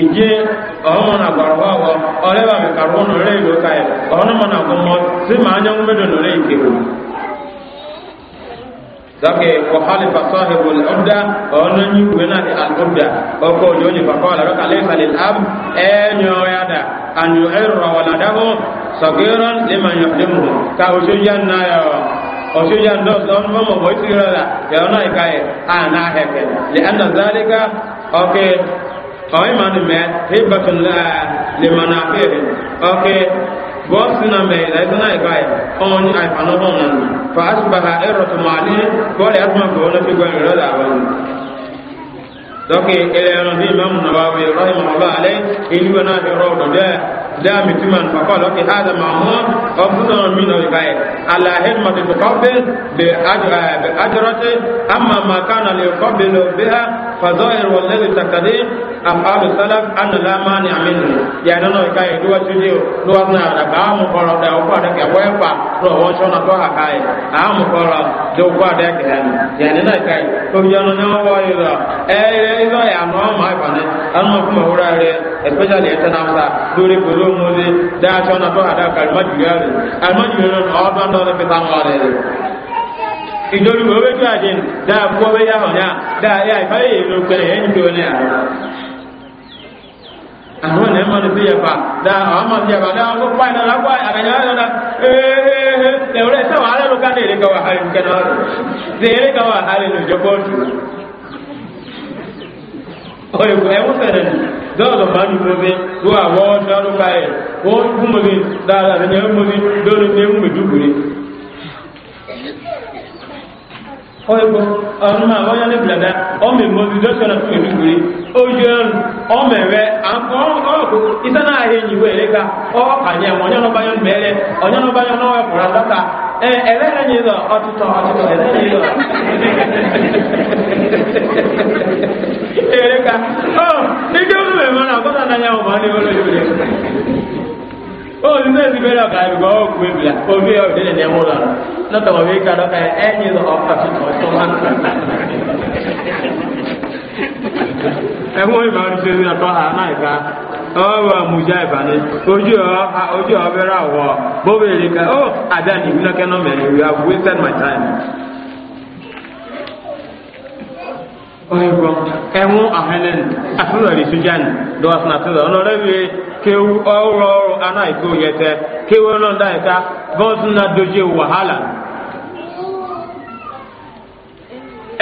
[SPEAKER 1] ije ọmọ na gbarwa wa ọlẹ́wà mi karùn ún lórí ìlú ka ẹ̀ ọ̀nà mọ̀ na gbọmọ sí ma anyanwó mẹ́dọ̀ lórí ìkèrò dake wàhálì fasahi wòle ọ̀dà ọ̀nà yí wòle náà ní alọ́dà ọkọ̀ òjò ní bàbá wà lọ́dà kàlẹ́ ìsàlẹ̀ ab ẹ̀yọ̀ ya dà ànyù ẹ̀rọ wà ládàbọ̀ sọ̀gẹ́rọ̀ ní ma yọ̀ dẹ́mu ká oṣù yá nà yọ̀ oṣù yá nà ọ̀nà mọ̀ bọ̀ ìsirẹ̀ la yọ̀ náà ìka yẹ àná hẹ̀kẹ̀ lẹ́yìn àná zálẹ́ka ọ̀kẹ́ oyi mani mɛ hibatun la limana fere ok bɔn sina mɛ ila isana yi kaa yi ɔn ayi fana bɔn nan fa asibaha ɛrɛ tuma ale bɔle asuma bɔn na fi gbɛn yɔrɔ la wa donc ilẹ̀ yɔrɔ ni imam nawawi rahimahullah ale ilu bɛ n'a yɔrɔ dɔ da mi tuman fa qala ki hada ma'mud abuna min al bay ala himmat tuqabbil bi ajra bi ajrati amma ma kana li yuqabbilu biha fa zahir wal ladhi taqdi afal salaf an la mani minhu ya no kai duwa tuje duwa na da ba mu qala da ko da ke wa fa ro wo shona to ha kai a mu qala do ko da ke han ya ne na kai ko yo no na wa yo e re yo ya no ma fa ne an ma kuma wurare especially ya tana sa dole ko mɔdi daa sɔn na tɔ a da kalima juya de alima juya de ɔ dɔn dɔ de fi tan kɔ de. ìjọba ìwé wọ́n tó àjẹ́ dáa kó wọ́n yá hàn yá dáa yá ìfáyé ìlú kẹlẹ̀ ẹ̀yìn tó ní àná. àwọn ènìyàn máa ń fi yẹ̀fà dáa àwọn máa ń fi yẹ̀fà dáa kó pa ìdáná lápá àgànyà rẹ̀ náà ee ẹ̀wọ̀n ẹ̀ sẹ́wọ̀n alẹ́ ló ká ní èrè kawà hàlẹ́ nìkẹ́ náà rẹ̀ ṣe èrè kawà hàlẹ́ nìjọba ọ̀tún oyibo ẹ̀wọ̀n fẹ̀rẹ̀ ni dọ́ọ̀dọ̀ máa ní mọ́bí ló àwọ́ ọjọ́ ọdún báyìí wọ́n kú mọ́bí dáadáa ní ẹ̀wọ̀n mọ́bí lórí ní ẹ̀wọ̀n mẹ́dúgbùrí oyego ọnụma onye ndị blada ọ memme obido so na tuwe nuguri oji ọnụ ọ mere ọkụ na ahịa enyi were ka ọ kanye ma onye ya mmere onye nọbanye n'ọwa ebe adọta ee nye ọtụtụ ọtụtụ ka ọ na ụmụ ozi na-ezibere ọgaranya ọgwụ ebila obi ya ọdịdị n'ime ụlọ nọtọrọ m ịka dọka ya enyi lọ ọkọchị ka ọtọ ha ẹ̀wọ̀n ìbá ń ṣe ní ọ̀tọ́ àánáìka ọwọ́ mùjá ìbàní ojú ọ̀bẹ̀rẹ̀ àwọ̀ bóbèrè ká ó àdáni ìwúlọ́kẹ́ náà mẹ́rin we have wasted my time.
[SPEAKER 2] ẹ̀hún ahẹ́nẹ́n àtúnlọ̀rí sójánì
[SPEAKER 1] lọ́wọ́sán àtúnlọ̀ ọlọ́rẹ́wé kéwú ọrọ̀ ọrọ̀ anáìkó yẹtẹ kéwú ọlọ́ndà ẹ̀ka bọ́ọ̀sùn náà dojú wàhálà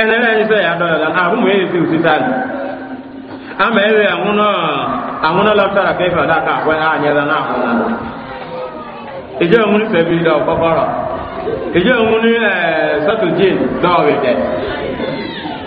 [SPEAKER 1] ẹnẹ́rẹ́ ẹni sẹ́yà dọ́yọ̀ lánà àhúmọ̀ èyí sí òsítánì
[SPEAKER 3] àmà ẹ̀rẹ́ àwọn
[SPEAKER 1] náà àwọn náà lọ́tàrà kẹfà dáka àpẹ́ àyẹ̀lá náà àwọn náà ìjọ òun ní sẹ́bi dọ̀ kọ́kọ́rọ̀ ìjọ òun ní ẹ̀ẹ́sọ́tò jíìn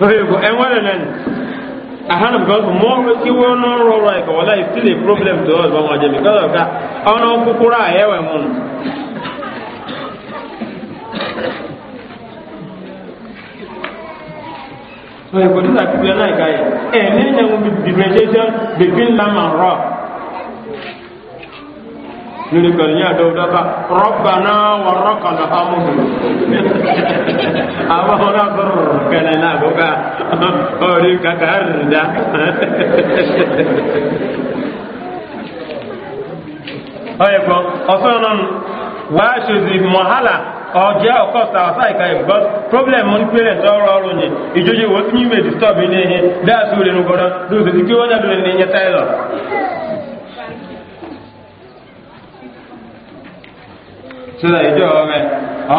[SPEAKER 1] Oyibo, enwere nani? Ahana because more kiwe ọnụ ọrụ ọrụ ka wala is still a problem to us banwa jemi because of that ọnụ ọkụkwụrụ a ewe mụ.
[SPEAKER 2] Oyibo, this is a kibia na-ekaghị. Eh, na-enye m differentiation between lamb and rock. nínú gbẹ̀rẹ̀ yà dọ̀
[SPEAKER 1] dábà rọ́bà náà wà rọ́kà náà mú mi àwọn ọmọ náà bọ̀rọ̀ kẹlẹ̀ náà bọ̀ bá ọ̀rí kàkà rìndà. ọyẹ kọ ọsàn náà nù wà á ṣèṣì mọ̀hálà ọjẹ́ ọkọ sàwásà ìka ìgbọ́ problem mo ní pẹ́rẹ́ ṣe ọrọ̀ ọrọ̀ yẹn ìjọyẹ wọ́n ti ń wẹ̀ disturb ní ẹ̀yẹ dáàtú rẹ̀ nù gbọ́dọ̀ lóòótọ́ ti kí wọ́n dàbí rẹ̀ ní ẹ̀yẹ táyà lọ. sida ijo ome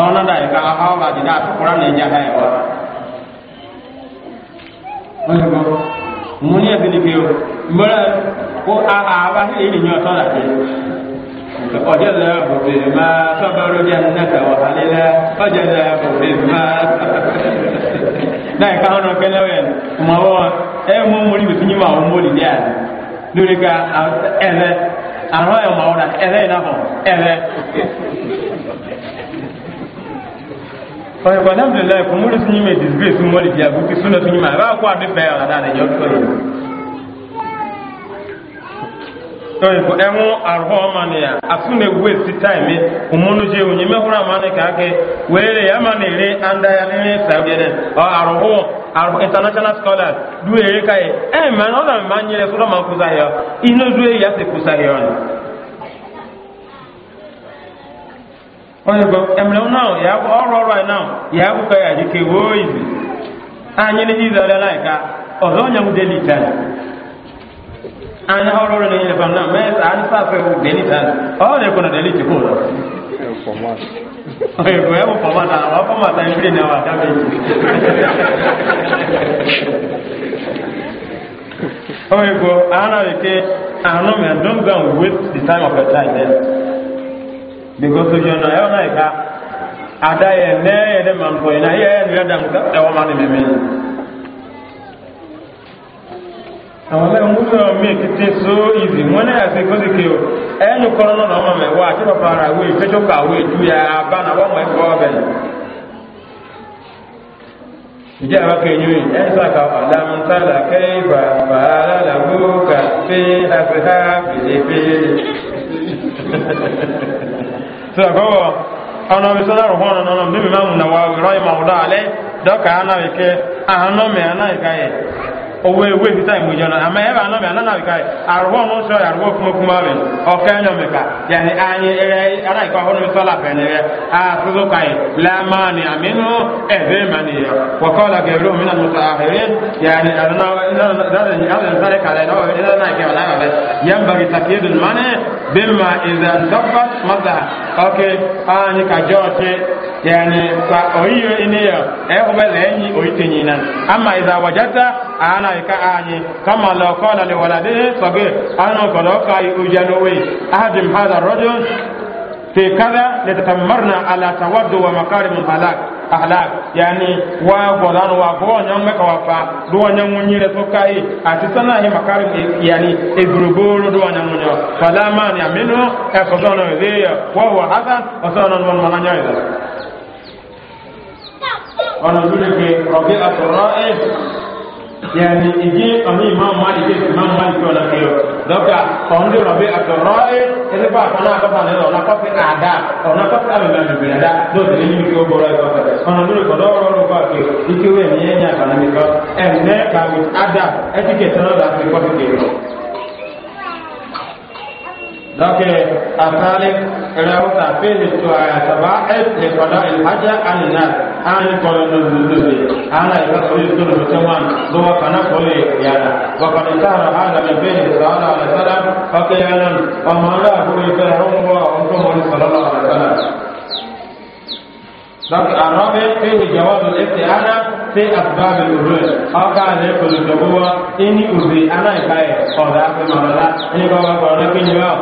[SPEAKER 1] ona da ka ha ba di da kura ne ja hai wa oyo go muni ya bini biyo mbara ko a a ba ni ni nyo to da ke o je la bu bi ma sabaru jannata wa halila o je la bu bi ma da ka ono ke lewe ma wo e mo muri bi tinyi ma o mo di ya lori ka ele àwọn ẹ̀wọ̀n àwọn ẹ̀rẹ́ ìnáfọ̀ ẹ̀rẹ́ fɔyɛ kɔ alhamdulilayi ko mulu sinyi mɛ disgrace mɔli diya buki suna ma a b'a kɔ a bɛ fɛ yàrá n'a lajɛ ɔtɔ yi tɔyi ko ɛŋu arɔhɔ ma ne ya a sun ne gue si taimi o munu je o hura k'a ya ma re an da ya ne ne ɔ international scholars du ka ye ɛ mɛ eh, ma nyere ma kusa inu du ye ya se kusa onye go emere now ya bụ ọrụ ọrụ anyị now ya bụ ka ya dị ka ewo ibi anyị na ihe ọrịa anyị ka ọzọ onye nwụ deli taa anyị ọrụ ọrụ na ihe na mee ka saa afọ deli taa ọ na-ekwu na deli tupu ụlọ onye go ya bụ fọmata ọ fọmata ibiri na wa adaba eji onye go anaghị ke anụ and the time of because to jona yo na ka ada ye ne ye de man ko na ye ni da dam ka e wa ma ni me me àwọn mẹ́rin mú sọ̀rọ̀ mí títí so easy wọ́n náà ṣe kó sì ké o ẹnu kọ́nà náà wọ́n mọ̀ wá àti bàbá ara wé ìtẹ́jọ́ kàwé ju ya bá na wọ́n mọ̀ ẹ̀kọ́ ọ̀bẹ̀ ni. ìjẹ́ àwọn kẹ́yìn yìí ẹ̀ ń sàkà ọ̀làmùtàlà kẹ́yìnbà bàálà làbúkà pé àfihàn fèrèfèrè. sọ̀gọ́wọ́ ọ̀nà ìsọ́nàrò hàn nánà bí mímọ́ mú náwà rọ́ ìmọ̀ ọ̀dọ́ alẹ́ dọ́kà anáwìkẹ́ ahánọ́mẹ̀ anáìkáyẹ̀ owó ewé fita ìmújọ náà àmọ́ ẹ̀rọ anáwìkẹ́ anáwìkáyẹ̀ àrùwọ̀ ọ̀nà sọ àrùwọ̀ kúmọ́kúmọ́ rẹ̀ ọ̀kẹ́ ẹ̀yọ̀mẹ̀ká yẹni ayé ẹ̀rẹ́ anáìkọ́ ọ̀nà ìsọ́lá fẹ̀lẹ̀ rẹ̀ àtúntò káyẹ̀ lámánì àmínú ẹ̀fẹ́ mànìyàn wọ́kọ́ lọ́kẹ́ ìlú mi náà mú sọ àhẹ́rẹ́ yẹni àdánà okay ani ka jote yani ka oyiyo iniyo e ko be lenyi oitenyi nan amma idza wajata ana ka ani kama la le li waladihi sage ana ko lo kai ujano we ahadim hadha rajul fi kadha litatammarna ala tawaddu wa makarim halak ahlak yani wa golan wa go nyang me ka fa do nyang munyi re to kai ati sana he makarim yani e groboro do nyang munyo fala man ya minu e ko dono re ya wa wa hadan o sono non man nyang ida ona dule ke rabi'atul ra'i yani igi ami imam malik ke imam malik ko la kayo doka kondi rabi akrai ele ba kana ka bana ona ka fi ada ona ka ka ba ni bela da do de ni ko bora ko ka ona do ko do ro ro ba ke iki we ni nya kana mi ko em ne ka mi ada etike tano da ko ke ro donc asalik rewta fihi taba et le qada al haja an nas an kono no lulubi ala ila sori sori mutaman do wa kana kole yana wa qad sahara hada min fihi sallallahu alaihi wasallam fa wa ma la hu bi hum wa antum sallallahu لكن الرابع فيه جواز الاستعانة في أسباب الأذن أو كان يقول الجبوة إني أذي أنا إكاية أو ذاك ما لا إني بابا قرنا كن يوم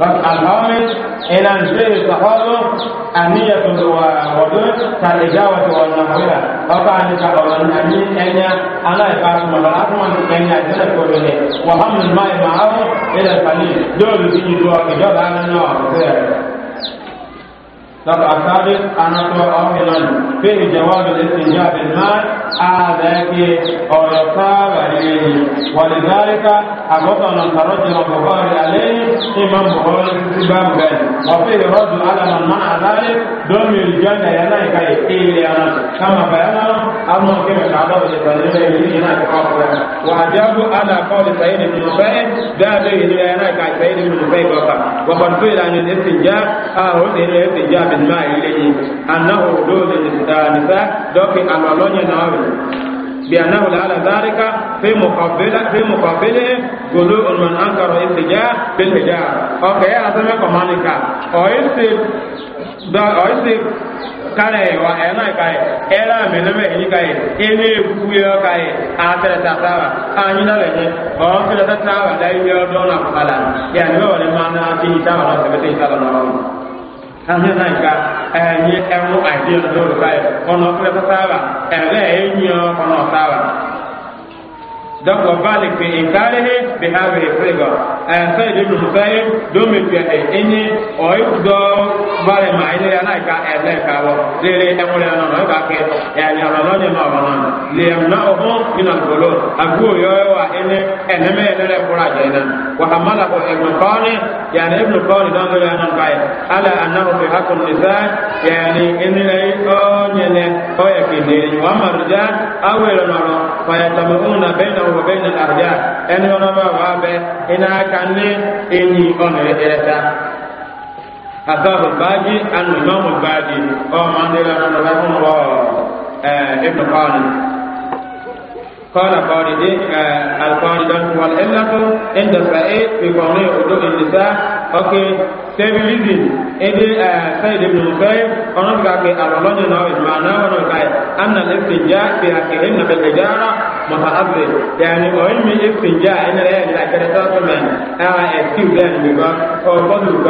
[SPEAKER 1] لكن الخامس إن أنزل الصحابة أنية الوضوء كالإجابة والنحوية أو كان يقول أني أني أنا إكاية ما لا أسمع أجل كله وهم الماء معه إلى القليل دول تيجي دوا كجوا نوع لك أصابق أن تو أوهلا في جواب الاستنجاء بالمال آذاك أو يصاب عليه ولذلك أبطل الترجم البخاري عليه إمام بخاري في باب وفيه رد على من منع ذلك دون الجنة ينايك إيه أنا كما بيانا أما كما تعرض لتنزيل ينايك أخرى وأجابوا على قول سيد بن نبيه ذا أنا ينايك سيد بن نبيه وقد قيل عن الاستنجاء أهو الاستنجاء min ma ilayhi annahu dole da nisa doki alwalonya na wani bi annahu la ala zalika fi muqabbala fi muqabbala gulu man ankara iltija bil hijar okay asama ko manika o isi da o isi kare wa ena kai era meneme ni kai ene kuyo kai atere tatawa anyi na wenye o kire tatawa dai yo dona kala ya ni wala mana ti tawa na tebe ti tawa na ahịa na nka enye enwu idea n'ụlọ ka ya ọnụ ọkụlịta saba ele enyi ọnụ ọsaba dọkọ balik bi nkarihi bi ha ɛfɛn de do fɛn domi gbɛɛ enyi ɔyi dɔ bari ma ɛyɛ yɛ n'a yi e ka ɛlɛ e e ka wɔ lele ɛwɔlɛ yɛ nɔnɔ ɛba kɛ ɛyɛ lɔlɔ yɛ nɔnɔ nɔnɔ lele na o hɔn ina gbolo a ko yɔ yɛ wa ɛnɛ ɛnɛmɛ yɛ lɛrɛ kura jɛ na wa a ma la ko ɛnu kɔɔni yanni ɛnu kɔɔni dɔn dɔn yɛ nɔn ka yɛ ala a na o fi ha ko nisa yanni ɛnu yɛ ɔnyɛlɛ ɔyɛ kele wa marija awo yɛlɛ nɔrɔ fa yɛ tɛmɛ kanne eni onere ereta azabu baji anu imamu baji o mandela na rahimu eh, wa ibn qanim قال قاردي القاردان والعلة عند سعيد في قوله أدوء النساء أوكي سيبليزين إدي سيد بن مسيب قنوك أكي أرولوني نو إجمعنا ونوكاي أن الاستنجاء في حقهن بالإجارة متأثر يعني علم الاستنجاء إن لا يجب أن يكون أكيد أن يكون أكيد أن يكون أكيد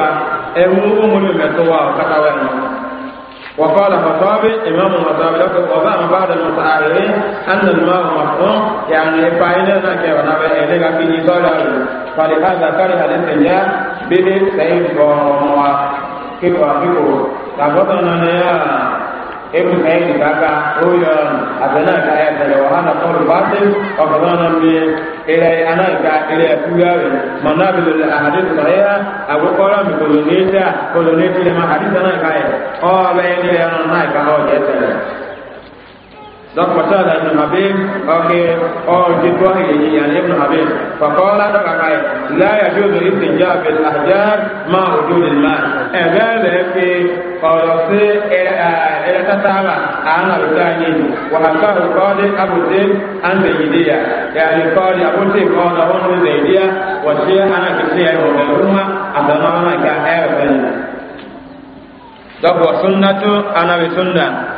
[SPEAKER 1] أن يكون أكيد أن يكون وقال خطابي إمام الخطابي لك وضع بعض المتعارضين أن الماء مفهوم يعني فاعلنا كيف نبي إليك في نزال فلهذا كره الاستنجاء به سيد وموا كيف أحبه لابد أن ابن حيث كاكا رويا أتنا كاية وهانا قول باطل وقضانا من إلى أنا كا إلى كوياوي منابل الأحاديث الصحيحة أبو قولا من كولونيتا كولونيتا لما حديثنا كاية أو بين إلى أنا كاية donc masala ibn habib ok on dit quoi il y a ibn habib فقال دقا لا يجوز الاستنجاء بالاحجار مع وجود الماء اذا في قرصي الى تتابع انا بتاني وحكاه القاضي ابو زيد عن زيدية يعني القاضي ابو زيد قال هون زيدية وشيء انا كتير ومعلومة اصلا انا كان اعرف donc wa sunnatu ana bi sunna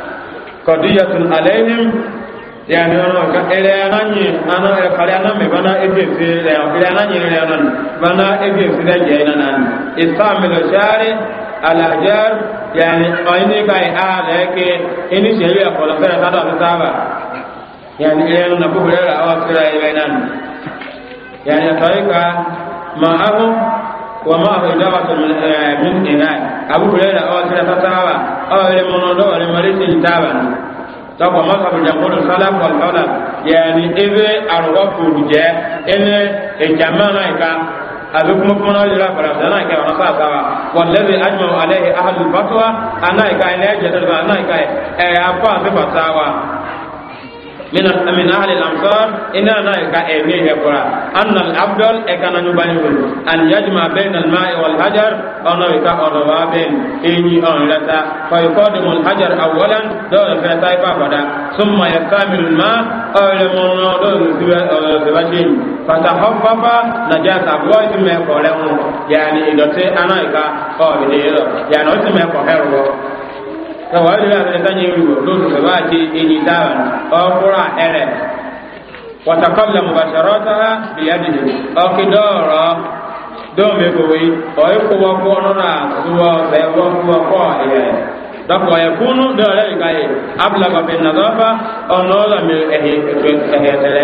[SPEAKER 1] kadiyatun alaihim yani ono ka eleyana nyi ana ekaleana me bana ebiyesi leyo eleyana nyi eleyana bana ebiyesi le jeyina nan istamilu shari alajar yani oyini kai ala ke ini sheyu ya kola fere tada ta taba yani eleyana na kubule la awa sira eleyana yani taika ma'ahum wa ma'ahu idawatun eh, min inai abu hurera awa kira fatawa awa wele monondo wale marisi litawa tọkọ mọsabu jamuru salaf wal khalaf yẹni ebe arọgọ kuru ene ejama náà ika abe kuma kuma náà yẹra fara fara náà ika wọn sá sáwa wọn lẹbi ajumọ alẹ ahalu fatuwa anáyika ẹ lẹjẹ min min ahli al-amsar inna na ka ene he kora anna al-afdal e kana nyubani wol an yajma bayna al-ma'i wal hajar ono ka ono wa ben eni on lata fa yuqaddimu al-hajar awwalan do fa taifa bada summa yastamilu al-ma awla mono do tiwa tiwa shin fa tahaffafa najasa boy me kore mu yani idote anaka o bi de yani o me ko herwo sọwọ ẹdínlẹ ẹsẹ nye wíwọ lónìí bẹẹ bá ti ẹni dáhùn ọkùnrin ẹrẹ wọtakọbìlẹ mọbàṣọrọ sára bìyàdì ọkì dọọrọ dọọmẹgbọwé ọyẹkọwọkọ nínú àtúwọ bẹẹ wọkọwọkọ ẹyẹ donc wa yakunu dɔwɛrɛ yi ka ye abila ka bɛn nazafa ɔ nɔɔ la mi ɛhɛ ɛhɛ ɛhɛ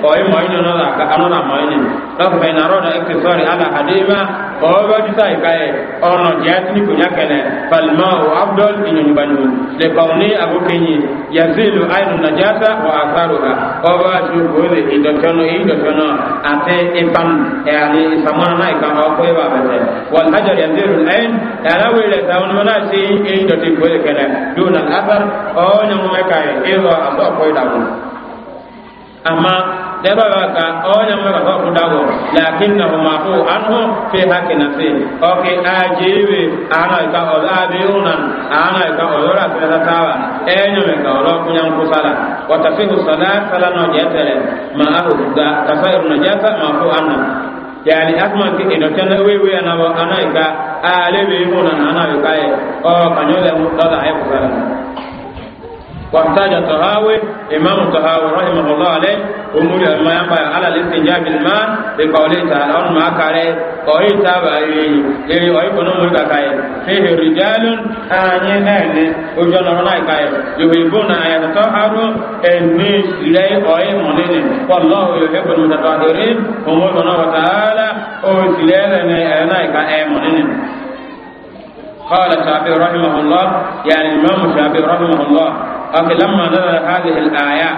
[SPEAKER 1] ɔ ye mɔɔ yi nɔ la ka anɔ la mɔɔ ni donc bɛn na rɔda ɛkɛ ala hadema ɔ bɛ disa yi ka ye ɔ nɔ jɛ tini kunya kɛnɛ balima o abdul inyonibanu le kaw ni a ko kɛnyi yazilu ayinu najasa wa asaru ha ɔ b'a su o de idɔtɔnɔ idɔtɔnɔ a tɛ ifam ɛyani ifamanana yi ka ɔ ko e b'a bɛ tɛ wa hajar yazilu ayin ɛyana wele ta mana se idɔ ti gbóyè kẹlẹ dóòlà afẹr ọ̀ọ́nyẹ wọn mẹ́ka yẹ ẹ̀rọ àtọ́ ọ̀pọ̀ ìdàgbò àmà lẹ́rọ yọ ká ọ̀ọ́nyẹ wọn mẹ́ka fọ́ọ̀kú dàgbò làákín nà ọmọ àfọ àánú fi hákì nà sí ọ̀kì àjẹwé àánà ìka ọ̀dọ́ àbí ọ̀nà àánà ìka ọ̀dọ́ rà fẹ́ sáwà ẹ̀yẹ mẹ́ka ọ̀dọ́ kúnyàn kú sálà wọ́tàfíhù sọ̀lá sálà náà jẹ́ tẹ̀lẹ̀ mà áhù gbà tàfẹ́ ìrùnà jẹ́ fẹ́ mà fọ́ àná yani asman ke ino tan we we ana wa ana ka ale be mo na ana we kai o kanyo le mo da ai ko واحتاج طهاوي إمام طهاوي رحمه الله عليه أمور ما ينبغي على الاستنجاء بالماء بقوله تعالى أن معك عليه قوي تابع إليه إلي أيكون أمورك كاي فيه رجال آنينين وجن رناي كاي يحبون أن يتطهروا إني إلي أي منين والله يحب المتطهرين أمورنا وتعالى أو سلالة أناي كاي منين قال الشافعي رحمه الله يعني الإمام الشافعي رحمه الله أو لما نزل هذه الآية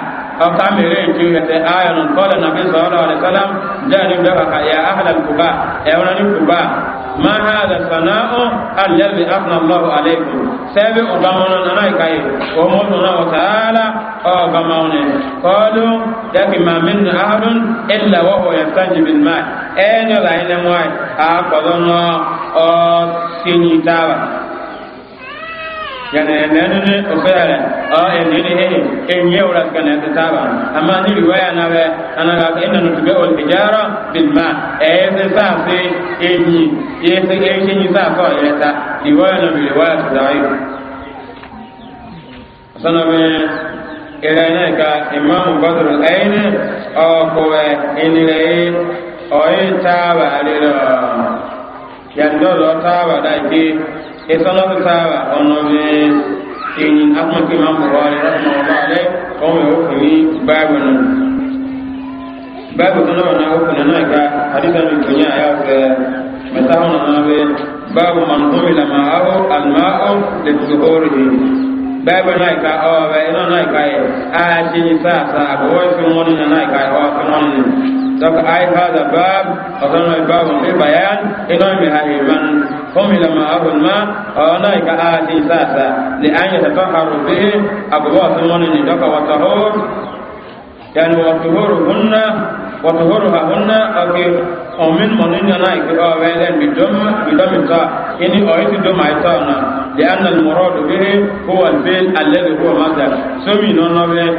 [SPEAKER 1] أو كاميرين في آية قال النبي صلى الله عليه وسلم جانب دفع يا أهل الكباء يا أهل الكباء ما هذا الثناء الذي أثنى الله عليكم سبع أبامنا نايكاي ومولنا وتعالى أبامنا قالوا لكن ما من أحد إلا وهو يستنجي بالماء أين لا إنمواي أقضنا أو سيني yana emenu ni ofeere o enini ehi enye ura kana sitaba amma ni riwaya na we ana ga inna nutube ol hijara bil ma e se sa se enyi e se enyi ni sa ko eta riwaya na bi riwaya dai sana me ere na ka imam badr al ain o ko we enire o e tawa le ro yandoro tawa dai a fi sára ọ̀nà mi ìní afúnfin máa ń bọ̀ wá rẹ̀ lọ́sùn ọ̀gá alẹ́ ọmọ ìwòkùn ní báàbù nù báàbù tó náà náà òkùn náà ìka àdìsá mi kìíní àyà ọ̀sẹ̀ mẹ́ta ọ̀nà náà bẹ báàbù máa ń tún mi làmà áhù àlùmá ọ̀n ذاك أي هذا باب أظن الباب في بيان إنه من هذه من هم لما أهو ما أولئك آتي ساسا لأن يتطهروا به أبواب ثمن ذاك وطهور يعني وطهورهن وطهورهن أكي أمين من ينا إكي أولئك بدم بدم تا إني أريد دم عيطانا لأن المراد به هو الفيل الذي هو مصدر سمي نونوه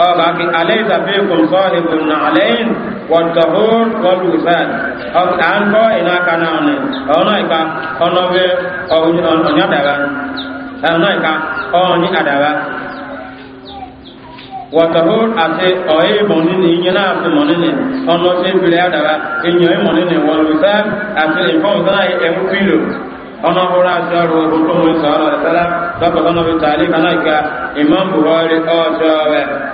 [SPEAKER 1] او ala عليك فيكم صاحب النعلين والطهور والوساد او ان كو انا كان او نايكا او نو او نيا دابا او نايكا او ني ادابا وطهور ate ọyẹ mọni ni ìyẹn náà fi mọni ni ọnà ṣe ń bilẹ̀ àdàbà ìyẹn ọyẹ mọni ni wọn lù sáà àti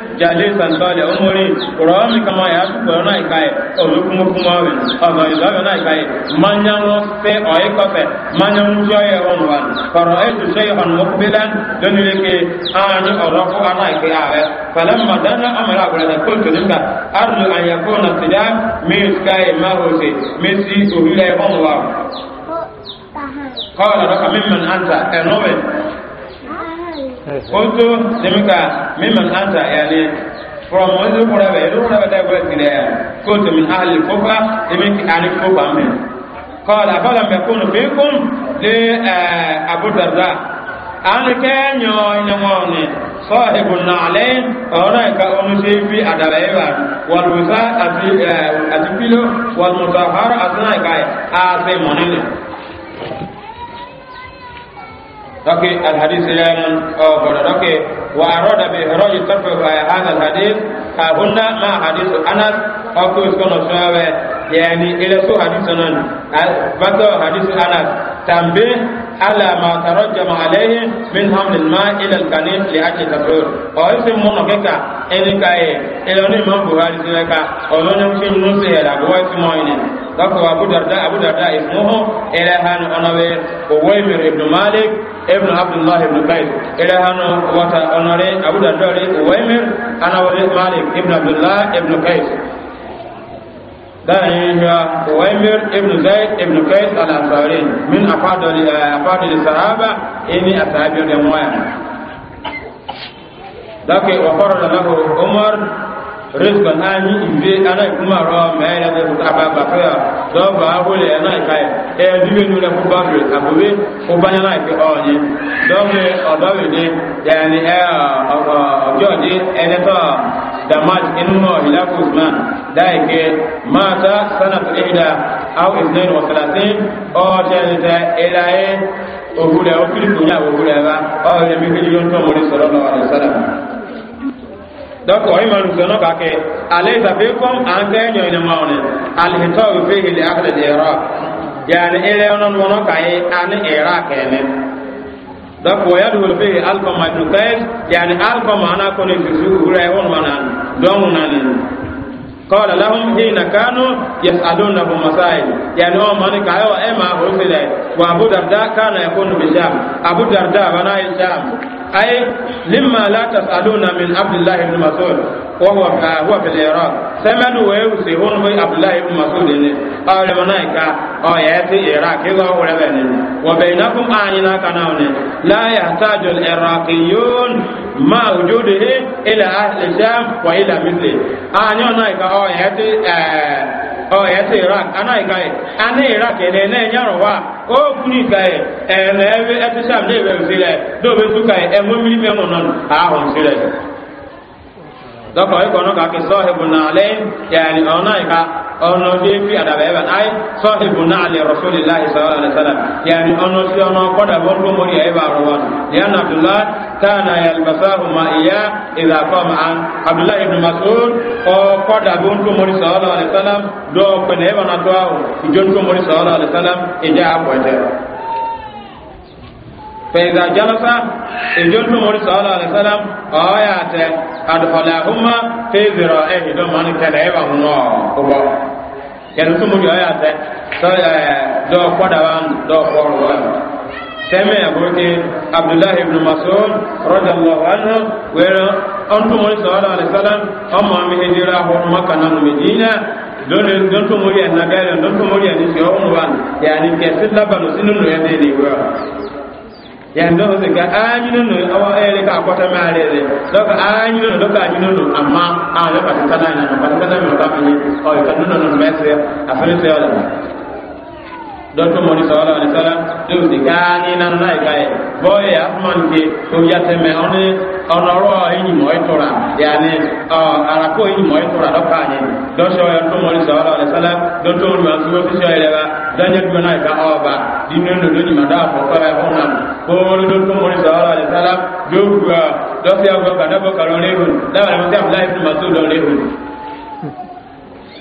[SPEAKER 1] jalisan bada umuri qur'ani kama ya su ko na ikai o lu kuma kuma wen aba ida ga na ikai manya no pe o e ko pe manya mu jo ye on wan faro e tu sey on mukbilan don le ke ani o ro ko ana ikai ave falam madana amara ko da ko tun ka arju an yakuna sidam mis kai ma ho se mesi o hile on wa qala raka mimman anta enowen
[SPEAKER 2] kuntu simka mimman anta
[SPEAKER 1] yani from wanzu kura bai yanzu kura bai ta tire ya kuntu min ahli kufa imin ki ahli kufa min kọla kọla mẹ kunu fi le abu darda an kẹ e nyọ ni ka ọnu fi adara yi wa ati àti e, pilo wàlúwisa ọrọ àti náà ká yẹ دوك الحديث لان او بنا دوك واراد باخراج طرف هذا الحديث هنا مع حديث انس او كو سكن يعني الى سو حديثنا بدو حديث انس تنبيه على ما ترجم عليه من حمل الماء الى الكنيس لاجل تطهير او اسم منوكا ان كاي الى ني من بخاري سيكا او لو نمشي نسيرا بويس موينين donc abu darda abu darda ismuhu ila hanu onawe uwaymir ibn malik ibn abdullah ibn qais ila hanu wata onore abu darda ri uwaymir anawe malik ibn abdullah ibn qais dan ya uh, uwaymir ibn zaid ibn qais al-ansari min afadali uh, afadali sahaba ini ashabi da mu'ayyan
[SPEAKER 2] donc wa qarra lahu umar rizqan ani ibe ana kuma ro me ya de ta ba ba ko ya do ba ho le na kai
[SPEAKER 1] e di be nu le ko ba re ta bo we ko ba na ke o ni do me o do we ni yani e o jo ni e ne to damat inu no ila ko ma dai ke mata sanat ihda aw 32 o jenta ila e òwúrẹ̀ ó kìrìkò ní àwọn òwúrẹ̀ bá ọ̀rẹ́ mi kéjì ló ń tọ́ mọ́rí sọ̀rọ̀ lọ́wọ́ àdìsára E, donc e, e o imanu zono ka ke alaysa bikum an ga nyo ina maune al hitaw fihi li ahli al iraq yani ile onon wono kai an iraq ene donc wa yadhul fihi alfa madukais yani alfa mana ko na bisu ure won manan don nan قال لهم حين كانوا يسألونه مسائل يعني هو من كايو إما هو سيدي وأبو درداء كان يكون بالشام أبو درداء بناء الشام أي لما لا تسألون من عبد الله بن مسعود وهو هو في العراق سمن ويوسي هون في عبد الله بن مسعود قال منايكا أو يأتي العراق إذا هو لبنان وبينكم آننا كناون لا يحتاج العراقيون مع وجوده إلى أهل الشام وإلى مثله آننا كأو يأتي o yete iraq ana ikaye ana iraq ene ne nyaro wa o kuni kaye ene ebe etisam ne be mfile do be tukaye e mo miri me mo non a ho mfile dɔkɔ e kɔnɔ k'a kɛ sɔhibu naale yaani ɔna yi ka ɔnɔ de fi adaba yɛ ba ayi sɔhibu naale rasulillahi sallallahu alaihi wa sallam yaani ɔnɔ si ɔnɔ kɔda bɔ lomori yɛ ba rɔ wɔn yaani abdullahi taana yalibasahu ma iya iza kɔma an abdullahi ibn mas'ud ɔ kɔda bɔ lomori sallallahu alaihi wa sallam dɔw kpɛnɛ e bana to awo ijo lomori sallallahu alaihi wa ija a kɔjɛ. فإذا جلس إجل نمر صلى الله عليه وسلم آيات أدخلهما في ذرائه دمان كلعب هنا كبار يعني سمو آيات دو قدوان دو قروان sẹ́mi àbúrúkẹ́ abdullahi ibn masoud rọ́jàlọ́ wánú wẹ́rẹ́ ọ̀ntúnmọ̀rí sọ́ọ́lọ́ alẹ́sọ́lá ọmọ mi hejira ahọ́n mọ́kànnà nùmìdínà lónìí dọ́ntúnmọ̀rí ẹ̀ nàgẹ́rẹ́ dọ́ntúnmọ̀rí ẹ̀ ní sọ́ọ́nù wánú yàní kẹ́sí lábàlù sínú nù ẹ̀ ní ìwúrọ̀ yan don sai ga anyinu no no. awa ere ka kwata ma re re do ka anyinu no do ka anyinu no amma a do ka tsana na ba tsana ma ba ni o ka nuno no mese a fere sai wala dɔtɔ mɔri sɔgɔla wani sɔgɔla ne y'o ti gaa na n'a ye k'a ye bɔn ye asuman ke o ya tɛmɛ aw ni aw nɔrɔ ye ɲumɔ tora yanni ɔ arako ye ɲumɔ ye tora dɔ k'a ye dɔtɔ ye dɔtɔ mɔri sɔgɔla wani sɔgɔla dɔtɔ mɔri ma sugu ti sɔ yɛrɛ ba dɔnyɛ tuma n'a ye ka aw ba di ne do do ɲuman d'a fɔ k'a ye hɔn na ko mɔri dɔtɔ mɔri sɔgɔla wani sɔgɔla dɔw dɔtɔ y'a bɔ ka dɔ bɔ kalon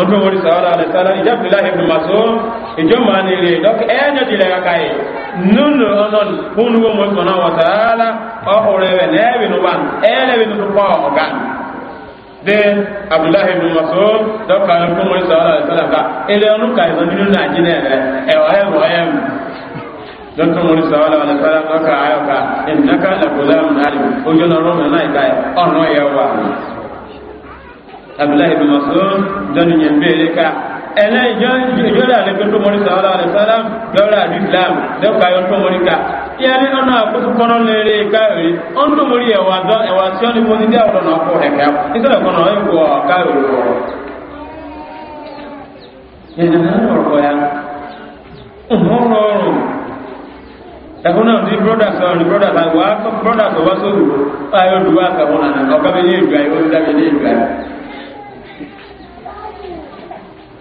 [SPEAKER 1] ọdún mọ́rí sàwọ́dá alẹ́sàlá ìjọ́bìlá ìbùn maso ìjọ́mà ní ilé dọ́kì ẹ́yẹ́ jìlẹ̀ kàkàyè nínú ọ̀nà fúnnúwó mọ́ sọ̀nà wọ̀tàrálá ọkùnrin rẹ̀ lẹ́ẹ̀bìnú bá ẹ̀ẹ́lẹ́bìnú tó pọ̀ ọ̀gá de abdullahi ibn masoud dɔkka ne ko mɔri sɔɔla ala sɛlɛm ka ele ɔnu ka ɛzɔn ninu na adi ne yɛrɛ ɛwɔ ayɛ wɔ ayɛ mu dɔkka mɔri sɔɔla ala sɛlɛm dɔkka ayɔ ka ɛnaka lakola mu na ali na ɔrɔ mu na yi ka yɛ ɔnɔ yɛ wa abdullahi bin mas'ud dɔnni nyɛ mbɛɛle ka ɛnɛ jɔnni ale bɛ tɔmɔni sɔgɔla ale sɔgɔlam dɔwɛrɛ ali islam dɔw ka yɔ tɔmɔni ka yanni an na kutu kɔnɔ lere ka yori an tɔmɔni yɛ wa dɔn wa sɔɔni fɔ ni diya wɔlɔ na kɔ hɛkɛ i sɛlɛ kɔnɔ e wɔ ka yori wɔrɔ yɛlɛ n'a yɔrɔ ya ɔhɔrɔrɔ ẹ̀kọ́ náà ní brothers ọ̀rọ̀ ní brothers àwọn brothers ọ̀wá sóòrò ayọ́ ìdúwà àtàwọn àná ọ̀gá mi ní ìgbà yóò dábẹ́ ní ìgbà yóò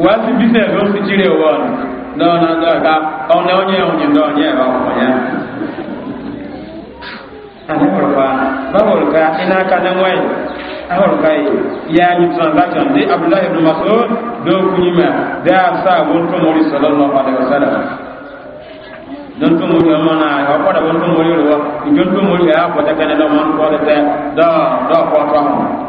[SPEAKER 1] wasi bise ló si jíire wọn náà na náà ká ọ̀nà onye onye náà onye ẹ̀rọ ọ̀nyá. Àní ọ̀rọ̀fà báwo ọ̀rọ̀ká iná ká ní wọ́n yìí ahọ̀rọ̀ká yìí yá ní transaction Abdullahi ibn Mas'ud ló kú yìí mẹ́ dáa sáà wọ́n tún mórí sọ̀rọ̀ lọ́ padà sọ́dà. Don tún mórí ọmọ náà ẹ̀ ọ̀pọ̀ dàbọ̀ tún mórí rẹ̀ wọ́n ìjọ tún mórí ẹ̀ àpọ̀tẹ́kẹ́ ní lọ́mọ́ ń kọ́ tẹ́tẹ́ dọ́ọ̀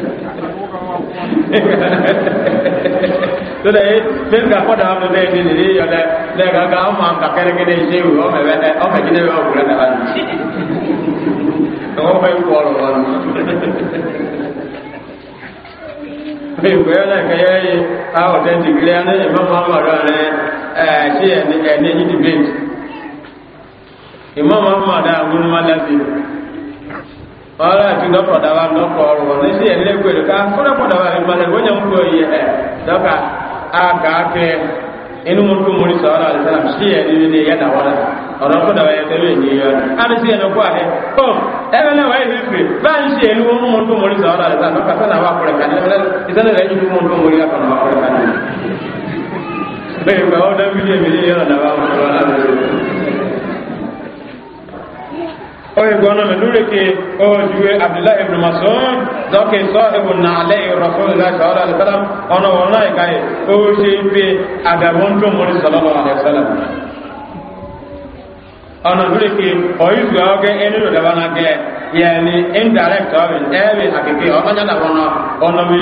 [SPEAKER 1] tó lẹ fẹn ka kọ dàá fún bẹẹ ní nìyí yọ dẹ lẹ ka ka ọmọ àǹkà kẹrẹkẹrẹ yìí léwu ọmọ ẹbẹ dẹ ọmọ ẹjì lẹwẹ ọwúrẹ nàbà nù ọmọ bẹ kú ọrọ wọn nù. bẹẹ kò yọ náà kẹyọ yẹ ká ọtẹ dìgírí ẹni ìmọ muhammadu ẹni ẹ ṣí ẹni ẹni yìí dìbẹẹtì muhammadu ọrụ ati dọkọ daba dọkọ ọrụ n'isi yɛ lé kwelu ka kúrẹ́ a gaa kɛ inú mu tó múri sɔrɔ alẹ́ sẹ́nà si yɛ ni na yɛ dàwọ́ la ọ̀rọ̀ kó daba yɛ tẹ́lẹ̀ yìí na ni a bɛ si yɛ ni kó ahẹ́ ó ẹ bɛ lé wáyé fífi bá ń si yɛ ni oye gbọ́nà mi lórí ke ojúwe oh, abdullahi ibn masoud lọ́kè sọ ibùn náà alẹ́ ìrọ̀fún ìlàjọ ọ̀rọ̀ àlùsálà ọ̀nà ọ̀rọ̀ náà ìka yìí ó ṣe pe àbẹ̀wọ̀n tó mọ́rí sọlọ́lọ́ àlùsálà lórí ke ọ̀yíṣù ọ̀gẹ́ ẹni ló dábàá náà gẹ́ indirect ọ̀bìn ẹ̀ẹ́bì àkèké ọ̀nà yàtọ̀ ọ̀nà ọ̀nà mi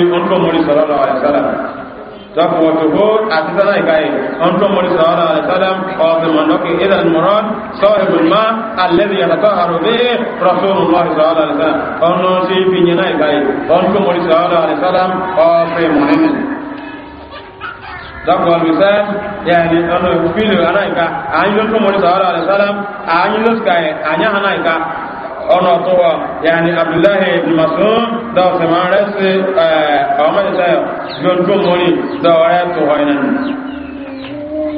[SPEAKER 1] تقوى تقول أتتنا إكاي أنتم مولي صلى الله عليه وسلم قاضي المنوك إذا المراد صاحب الماء الذي يتطهر به رسول الله صلى الله عليه وسلم أنتم سيفي نينا إكاي أنتم مولي صلى الله عليه وسلم قاضي مهم dakwa misal yani ano filo anaika anyo to mo sala ala salam anyo sky anya hanaika ọ̀nà tó wà yàní abdullahi ibn mas'ud dọ̀ọ̀ sì máa rẹ̀ sí ọmọ ìsáyọ̀ gbọ́njú mọ́ni dọ̀ọ̀ rẹ̀ tó wà nínú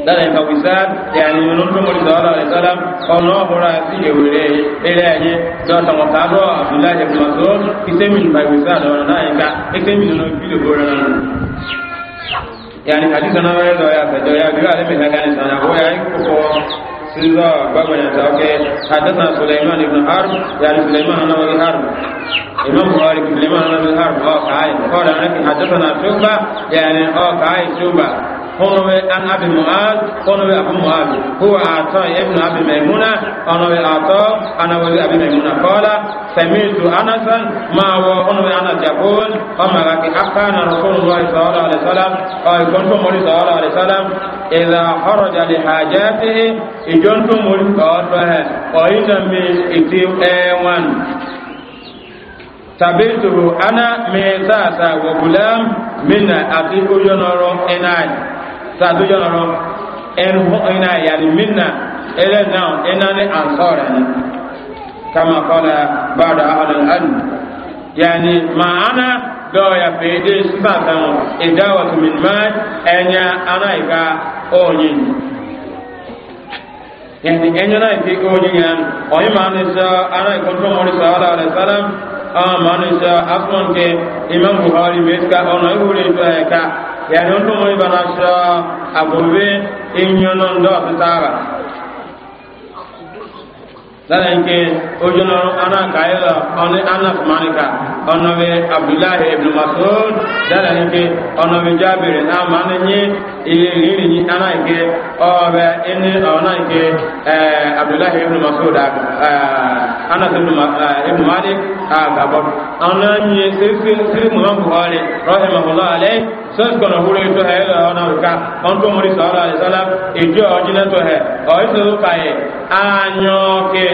[SPEAKER 1] lára ìka wìsán yàní olóńgbòmọ̀ ìsọ̀rọ̀ ìsọ̀rọ̀ ọ̀nà ọ̀húnra sí ìwèrè ilé ayé dọ́ta mọ̀kádọ́ abdullahi ibn mas'ud ìsẹ́mìlì by wìsán ọ̀nà náà ìka ìsẹ́mìlì ló bí lòbó rẹ̀ náà yàní àdìsọ́nà wẹ́rẹ́ lọ́ọ́ yà fẹ́jọ́ yà bí wà lẹ́mẹ̀ẹ́ta gánìsàn àbúrò yà ń kókó سيدا بابا يتاوكي حدثنا سليمان بن حرب يعني سليمان نوى الحرب إمام بخاري سليمان نوى الحرب أو كاي قال أنك حدثنا شعبة يعني أو كاي شعبة هو أن أبي معاذ هو أبو معاذ هو عطاء ابن أبي ميمونة أنا عطاء أنا ولي أبي ميمونة قال سمعت أنسا ما هو أنا أنس يقول أما لك حقا رسول الله صلى الله عليه وسلم أو كنت مولي صلى الله عليه وسلم إذا خرج لحاجاته إجنت ملك أوتها وإذا من إتيب أيوان تبيته أنا ميساسا وغلام من أتيب جنر إناي سادو جنر إنه إناي يعني منا إلى نعم إنني أنصارني كما قال بعض أهل العلم يعني ما أنا dɔɔ ya feede kan idaawa tumi uh, ɛnya ana yi ka ɔɔnyi yanni ɛnya na yi ti ɔɔnyi yan onye maa ni ana yi ko tɔmɔri sɔ ala ala salam ɔn ah, maa ni sɔ uh, afɔn kɛ imam buhari mesika ɔnɔ iwuli sɔ yɛ ka yanni o tɔmɔri bana sɔ aburubi inyɔnɔ dala nke ojono ana kaila on anas manika onobe abdullah ibn mas'ud dala nke onobe jabir na manenye ile lili ni ana nke obe ene ona nke eh abdullah ibn mas'ud anas ibn ibn malik aga bob sọ́ọ̀sì kọ̀nà wúlò ètò ẹ̀ lọ ọ̀nà òkà ọ̀ntò mọ̀rí sọ̀rọ̀ àdìsálà èdè ọ̀jìnà tó ẹ̀ ọ̀ẹ́sọ̀rọ̀ kàyẹ̀ ànyọ̀kẹ̀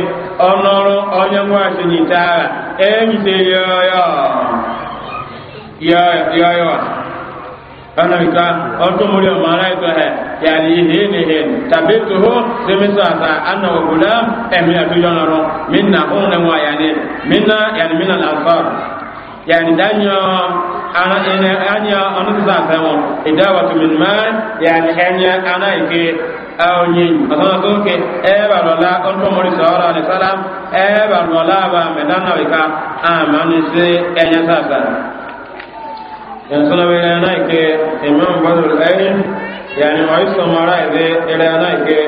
[SPEAKER 1] ọ̀nọ̀rọ̀ ọ̀nyẹ̀mọ̀ àṣìyìn tààrà ẹ̀yìn tẹ̀ yọ̀ọ̀yọ̀ ọ̀nà òkà ọ̀ntò mọ̀rí ọ̀mọ̀ ará ètò ẹ̀ yàrá ìhè nìhè tàbí tòhó sẹ́mísọ̀ àtà ànà òkúlá ẹ̀mí àtúnjọ́ lọ́rọ̀ mí yani danyo ana ene anya onu za tawo idawatu min ma yani anya ana ike awonye asana soke eba lola onto mori sawara ne salam eba lola ba medana wika amani se ana ike imam badul ayn yani ya isu mara ide ele ana ike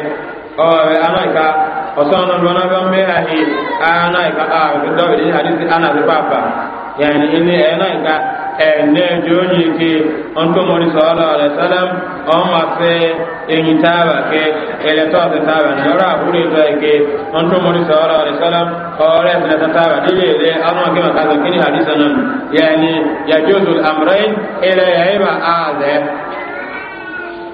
[SPEAKER 1] o ana ika osana lona me ahi ana ika a ah, do hadisi ana yani ini ena ka ene joji ke onto mori sallallahu alaihi wasallam on ma se eni taba ke ele to se taba ni ora buri to ke onto mori sallallahu alaihi wasallam ore na ta taba ni le le anu ke ma ka kini hadisa nan yani ya juzul amrayn ila yaiba aze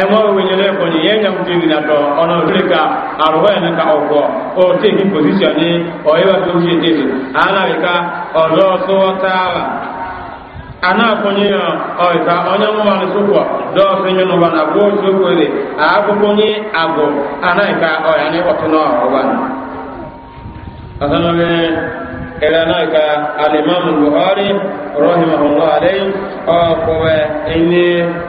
[SPEAKER 1] ẹwọ́ wenyele kọ̀nyí yẹn nyà kúkú ìgbìnà tọ̀ ọ̀nà òfin ka àrùwẹ̀ ní ka ọ̀gbọ̀ ó tèmi pòsíṣọ̀n ní ọ̀yẹ́wà tó fi tèmi aláwì ka ọ̀dọ́ tó tààrà ana kọ̀nyí ọ̀ìka ọ̀nyà mọ́wá ní sọ́kọ̀ dọ́ọ̀sì nyọ̀nù nà bó àákókò ní ní náà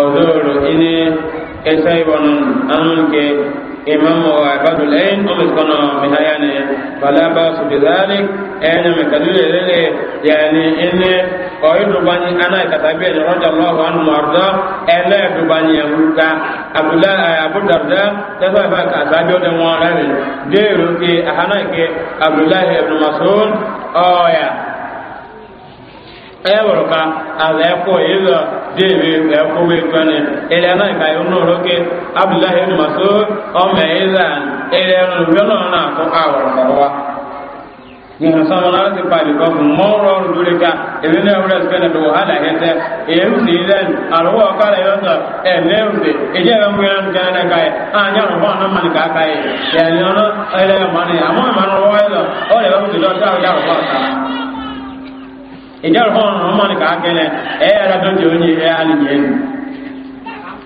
[SPEAKER 1] ọ̀dọ́rọ̀ ilé ẹsẹ̀ ìwọ̀nù anúnkẹ́ imamu wa ibadul ayin o miskana mihayane bala ba su bi zalik ẹni mẹkanu lelele yani inni ọyọ dubani ana ikatabi ẹni rọjà lọwọ anu mọrọdọ ẹlẹ dubani ẹwuka abudulá abudarda tẹsán ìfẹ kàtàbí ọdẹ wọn rẹ mi déèrò ke ahana ike abdullahi ọyà. ẹwọ̀rọ̀ ka àlẹ́ ẹ̀kọ́ yìí lọ déèwé ẹ̀kọ́ wé gbẹ́ni ilẹ̀ náà ìka yìí nù lókè so ibn masoud ọmọ yìí là ilẹ̀ ẹ̀rùn ìjọ náà náà ọrụ àwọ̀rọ̀ kọ̀ wá. yìnyín sọ́mọ́ náà ti pàdé kọ́ fún mọ́rọ̀ lórí ká èmi náà wúlò ẹ̀sìkẹ́ idan hon roman ka gele e ara don jo ni e ali yen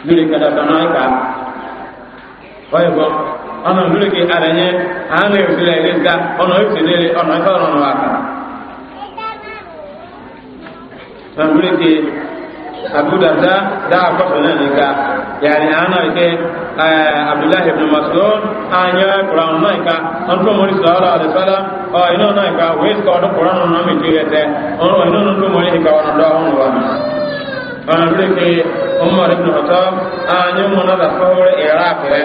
[SPEAKER 1] dure kada bana ka oy go ana dure ke ara nye ana yo sile le ka ona yo sile le ona ka ona wa ka dure ke abudada daa kɔfɛ na ni ka yaani ana ke eh, abdullahi ibn mas'ud an yɛ kuran na ka an tó mori sallallahu alaihi wasallam ɔ ina na ka o yi kɔdu kuran na mi ti yɛ tɛ ɔn ina na tó mori ka wɔn dɔ ɔn wa ɔn wuli ke umar ibn khattab an yɛ mun na da fɔwɔri iraq eh.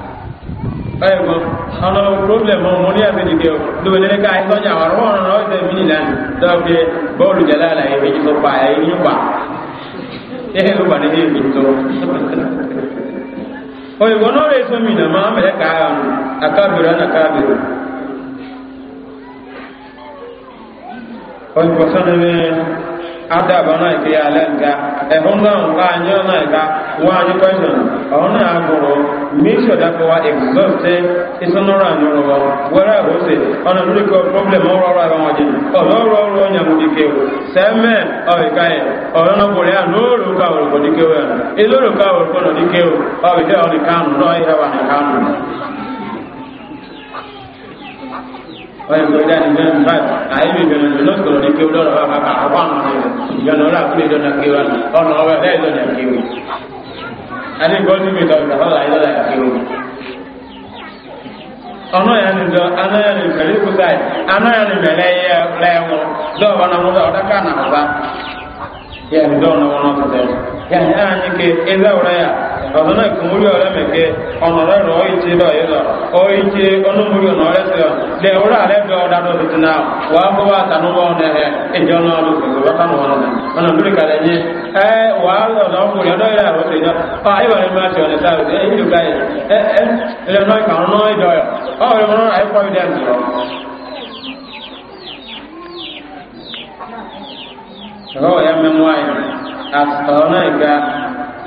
[SPEAKER 1] ẹ̀gbọ́n ọ̀nà problem ọmọ ní àbẹ̀dẹ̀gẹ̀ lóbi ya ká ìtọ́jà wà rọ́wọ́n náà ọ̀sẹ̀ mílì lánàá dọ́ọ̀bẹ bọ́ọ̀lù jẹ̀lá àlàyé méjì tó adaba na ke ya ga e honda on ka nyo na ga wa anyị ko nyo on na agoro mi so da ko wa exhaust e so no no wa wara ni ko problem o ra ra o ro ro ro nya mu dike o o e ka no ko ya no ka o ko dike o e lo ka o ko no dike o bi o ni kan no e
[SPEAKER 2] ọyọ tó dá nígbà nígbà àyè mi bẹ̀rẹ̀ ní lọ́sọ̀rọ̀ ní kí ọlọ́rọ̀ bá bàbá àwọn ọmọ rẹ̀ ìyọ̀nà ọlọ́rọ̀ àkúrẹ́ ìdọ́nà kéwà ọ̀nà ọ̀rẹ́ bẹ́ẹ̀ ìdọ́nà kéwì.
[SPEAKER 1] adé gbọ́dọ̀ mi tọ̀ ìgbà ọ̀la ìdọ́nà kéwì. ọ̀nà yà ni dọ̀ aná yà ni mẹ̀lẹ́ kúta yìí aná yà ni mẹ̀lẹ́ yẹ lẹ́wọ̀n dọ̀wọ́ náà wọ́n ọ̀dá ká nà bá yà ni dọ̀ náà wọ́n náà ọ̀dọ́nà ìkùnmúrí ọ̀rẹ́ mẹ̀kẹ́ ọ̀nà rẹ̀ rọ̀ ọ̀yí tí lọ́yẹ̀ lọ ọ̀yí tí ọ̀nàmúrí ọ̀nà rẹ̀ sí ọ lẹ́ ọ̀rọ̀ àrẹ́ bẹ ọ̀dà lọ sí náà wàá bọ́ wá tanúwọ́ ọ̀nà ẹ̀ ìjọ náà ló fi gbọ́ tánú wọn náà ọ̀nà lórí kalẹ̀ yẹn ẹ wàá ọ̀nà ọkùnrin ọ̀dọ́ ìlà ìwọ̀sẹ̀ ìjọ ọ̀ ayé wà ní máa ti ọ̀nà sáà ẹ̀ ẹ̀ ìlú káyẹ̀ ẹ̀ ẹ̀ ìlànà ìkàwọn náà ìjọ yọ ọ̀rẹ́ wọn náà ayé providence lọ. ọ̀rọ̀ ya mẹ́mú ayọ̀ àtọ̀rọ̀ náà ìgbà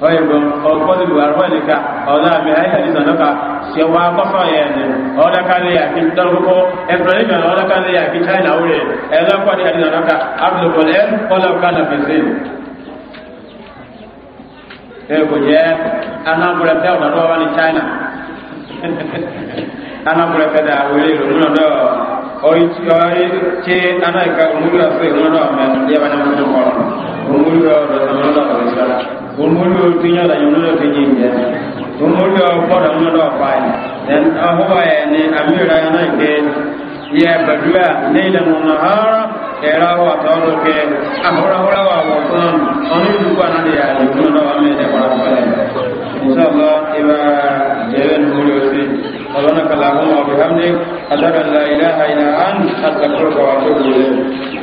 [SPEAKER 1] oye bon okodi bu arwani ka ola bi ay hadi sano ka se wa ko so ye ne ola ka le ya ki dor ko ibrahim ola ka le ya ki china ure ela ko di hadi sano ka abdul qur'an ola ka la fi sin e ko je ana bura pe ona do wa ni china ana bura pe da ure ro no do oyi oyi che ana ka umuri ase no do me ya ba na mo ko umuri ro do no do ko sala umuri ukinya la nyuno kijinja umuri okoda mwana ofanya then ahoba yani amira yana ke ye badua leila munahara era wa tawlo ke ahora hora wa wasan oni dukwa na ya nyuno wa me de bora bora inshallah iba jeven muri usi subhanaka allahumma wa bihamdik ashhadu an la ilaha illa anta astaghfiruka wa atubu
[SPEAKER 3] ilayk